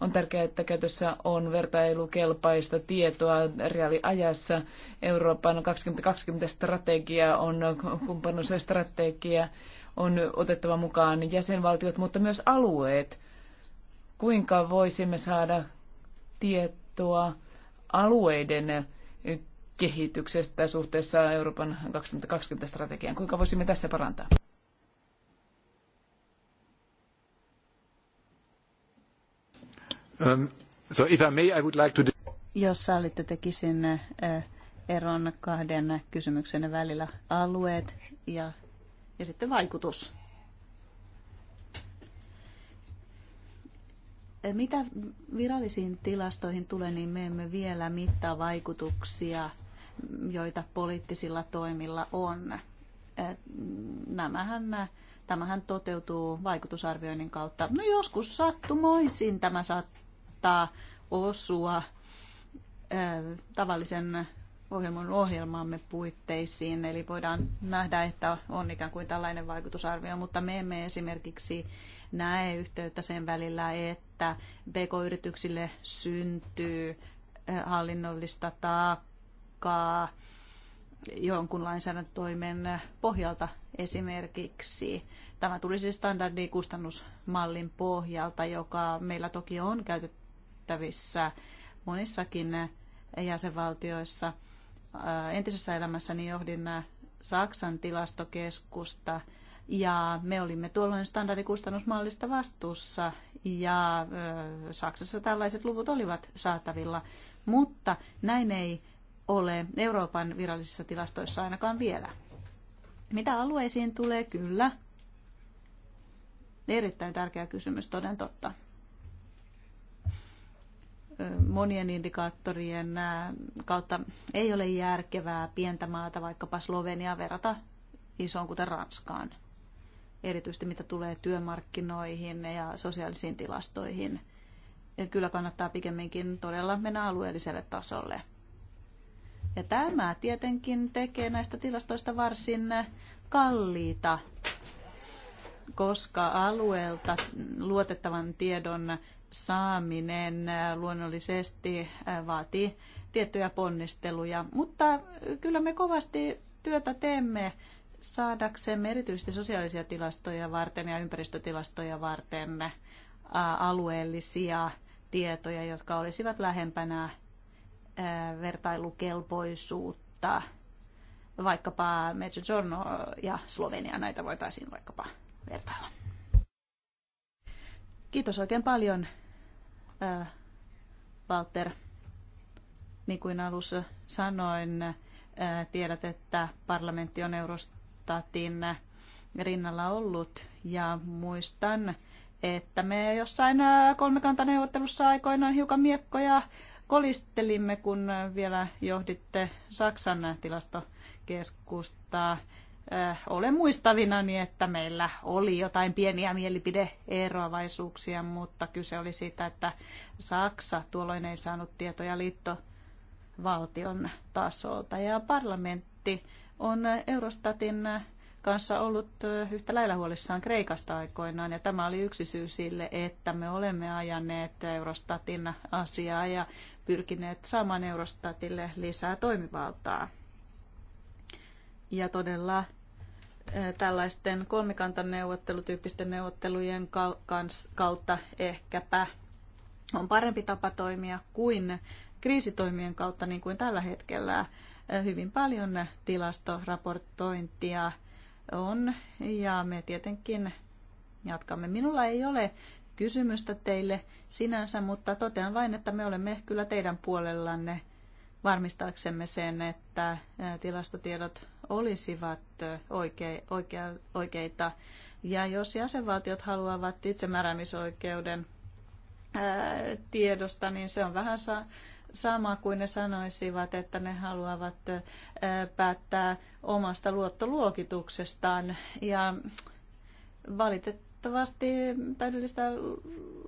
On tärkeää, että käytössä on vertailukelpaista tietoa reaaliajassa. Euroopan 2020-strategia on kumppanuusstrategia. On otettava mukaan jäsenvaltiot, mutta myös alueet. Kuinka voisimme saada tietoa alueiden kehityksestä suhteessa Euroopan 2020-strategiaan? Kuinka voisimme tässä parantaa? Um, so if I may, I would like to... Jos sallitte, tekisin uh, eron kahden kysymyksen välillä alueet ja, ja sitten vaikutus. mitä virallisiin tilastoihin tulee, niin me emme vielä mittaa vaikutuksia, joita poliittisilla toimilla on. Nämähän, tämähän toteutuu vaikutusarvioinnin kautta. No joskus sattumoisin tämä saattaa osua tavallisen ohjelman ohjelmamme puitteisiin. Eli voidaan nähdä, että on ikään kuin tällainen vaikutusarvio, mutta me emme esimerkiksi näe yhteyttä sen välillä, että pk-yrityksille syntyy eh, hallinnollista taakkaa jonkun lainsäädäntötoimen pohjalta esimerkiksi. Tämä tulisi siis standardikustannusmallin pohjalta, joka meillä toki on käytettävissä monissakin jäsenvaltioissa – Äh, entisessä elämässäni johdin äh, Saksan tilastokeskusta ja me olimme tuolloin standardikustannusmallista vastuussa ja äh, Saksassa tällaiset luvut olivat saatavilla, mutta näin ei ole Euroopan virallisissa tilastoissa ainakaan vielä. Mitä alueisiin tulee? Kyllä. Erittäin tärkeä kysymys, toden totta monien indikaattorien kautta ei ole järkevää pientä maata, vaikkapa Sloveniaa, verrata isoon kuten Ranskaan. Erityisesti mitä tulee työmarkkinoihin ja sosiaalisiin tilastoihin. Kyllä kannattaa pikemminkin todella mennä alueelliselle tasolle. Ja tämä tietenkin tekee näistä tilastoista varsin kalliita, koska alueelta luotettavan tiedon saaminen äh, luonnollisesti äh, vaatii tiettyjä ponnisteluja, mutta äh, kyllä me kovasti työtä teemme saadaksemme erityisesti sosiaalisia tilastoja varten ja ympäristötilastoja varten alueellisia tietoja, jotka olisivat lähempänä vertailukelpoisuutta. Vaikkapa Mezzogiorno ja Slovenia, näitä voitaisiin vaikkapa vertailla. Kiitos oikein paljon Äh, Walter, niin kuin alussa sanoin, äh, tiedät, että parlamentti on Eurostatin rinnalla ollut ja muistan, että me jossain äh, kolmikantaneuvottelussa aikoinaan hiukan miekkoja kolistelimme, kun vielä johditte Saksan tilastokeskustaa. Äh, olen muistavinani, että meillä oli jotain pieniä mielipideeroavaisuuksia, mutta kyse oli siitä, että Saksa tuolloin ei saanut tietoja liittovaltion tasolta. Ja parlamentti on Eurostatin kanssa ollut äh, yhtä lailla huolissaan Kreikasta aikoinaan, ja tämä oli yksi syy sille, että me olemme ajaneet Eurostatin asiaa ja pyrkineet saamaan Eurostatille lisää toimivaltaa. Ja todella tällaisten kolmikantaneuvottelutyyppisten neuvottelujen kautta ehkäpä on parempi tapa toimia kuin kriisitoimien kautta, niin kuin tällä hetkellä hyvin paljon tilastoraportointia on ja me tietenkin jatkamme. Minulla ei ole kysymystä teille sinänsä, mutta totean vain, että me olemme kyllä teidän puolellanne varmistaaksemme sen, että tilastotiedot olisivat oikeita. Ja jos jäsenvaltiot haluavat itsemääräämisoikeuden tiedosta, niin se on vähän sama kuin ne sanoisivat, että ne haluavat päättää omasta luottoluokituksestaan. Ja valitettavasti täydellistä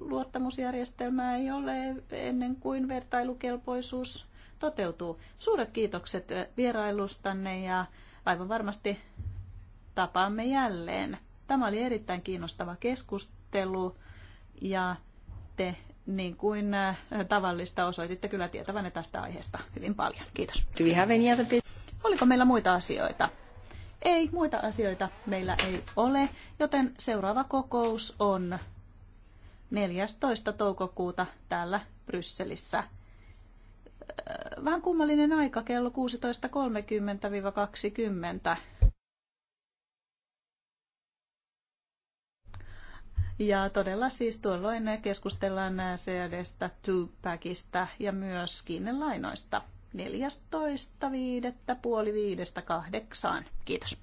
luottamusjärjestelmää ei ole ennen kuin vertailukelpoisuus toteutuu. Suuret kiitokset eh, vierailustanne ja aivan varmasti tapaamme jälleen. Tämä oli erittäin kiinnostava keskustelu ja te niin kuin eh, tavallista osoititte kyllä tietävänne tästä aiheesta hyvin paljon. Kiitos. Oliko meillä muita asioita? Ei, muita asioita meillä ei ole, joten seuraava kokous on 14. toukokuuta täällä Brysselissä Äh, vähän kummallinen aika, kello 16.30-20. Ja todella siis tuolloin keskustellaan CD-stä, Tupacista ja myös kiinnelainoista. 14.5. puoli viidestä kahdeksaan. Kiitos.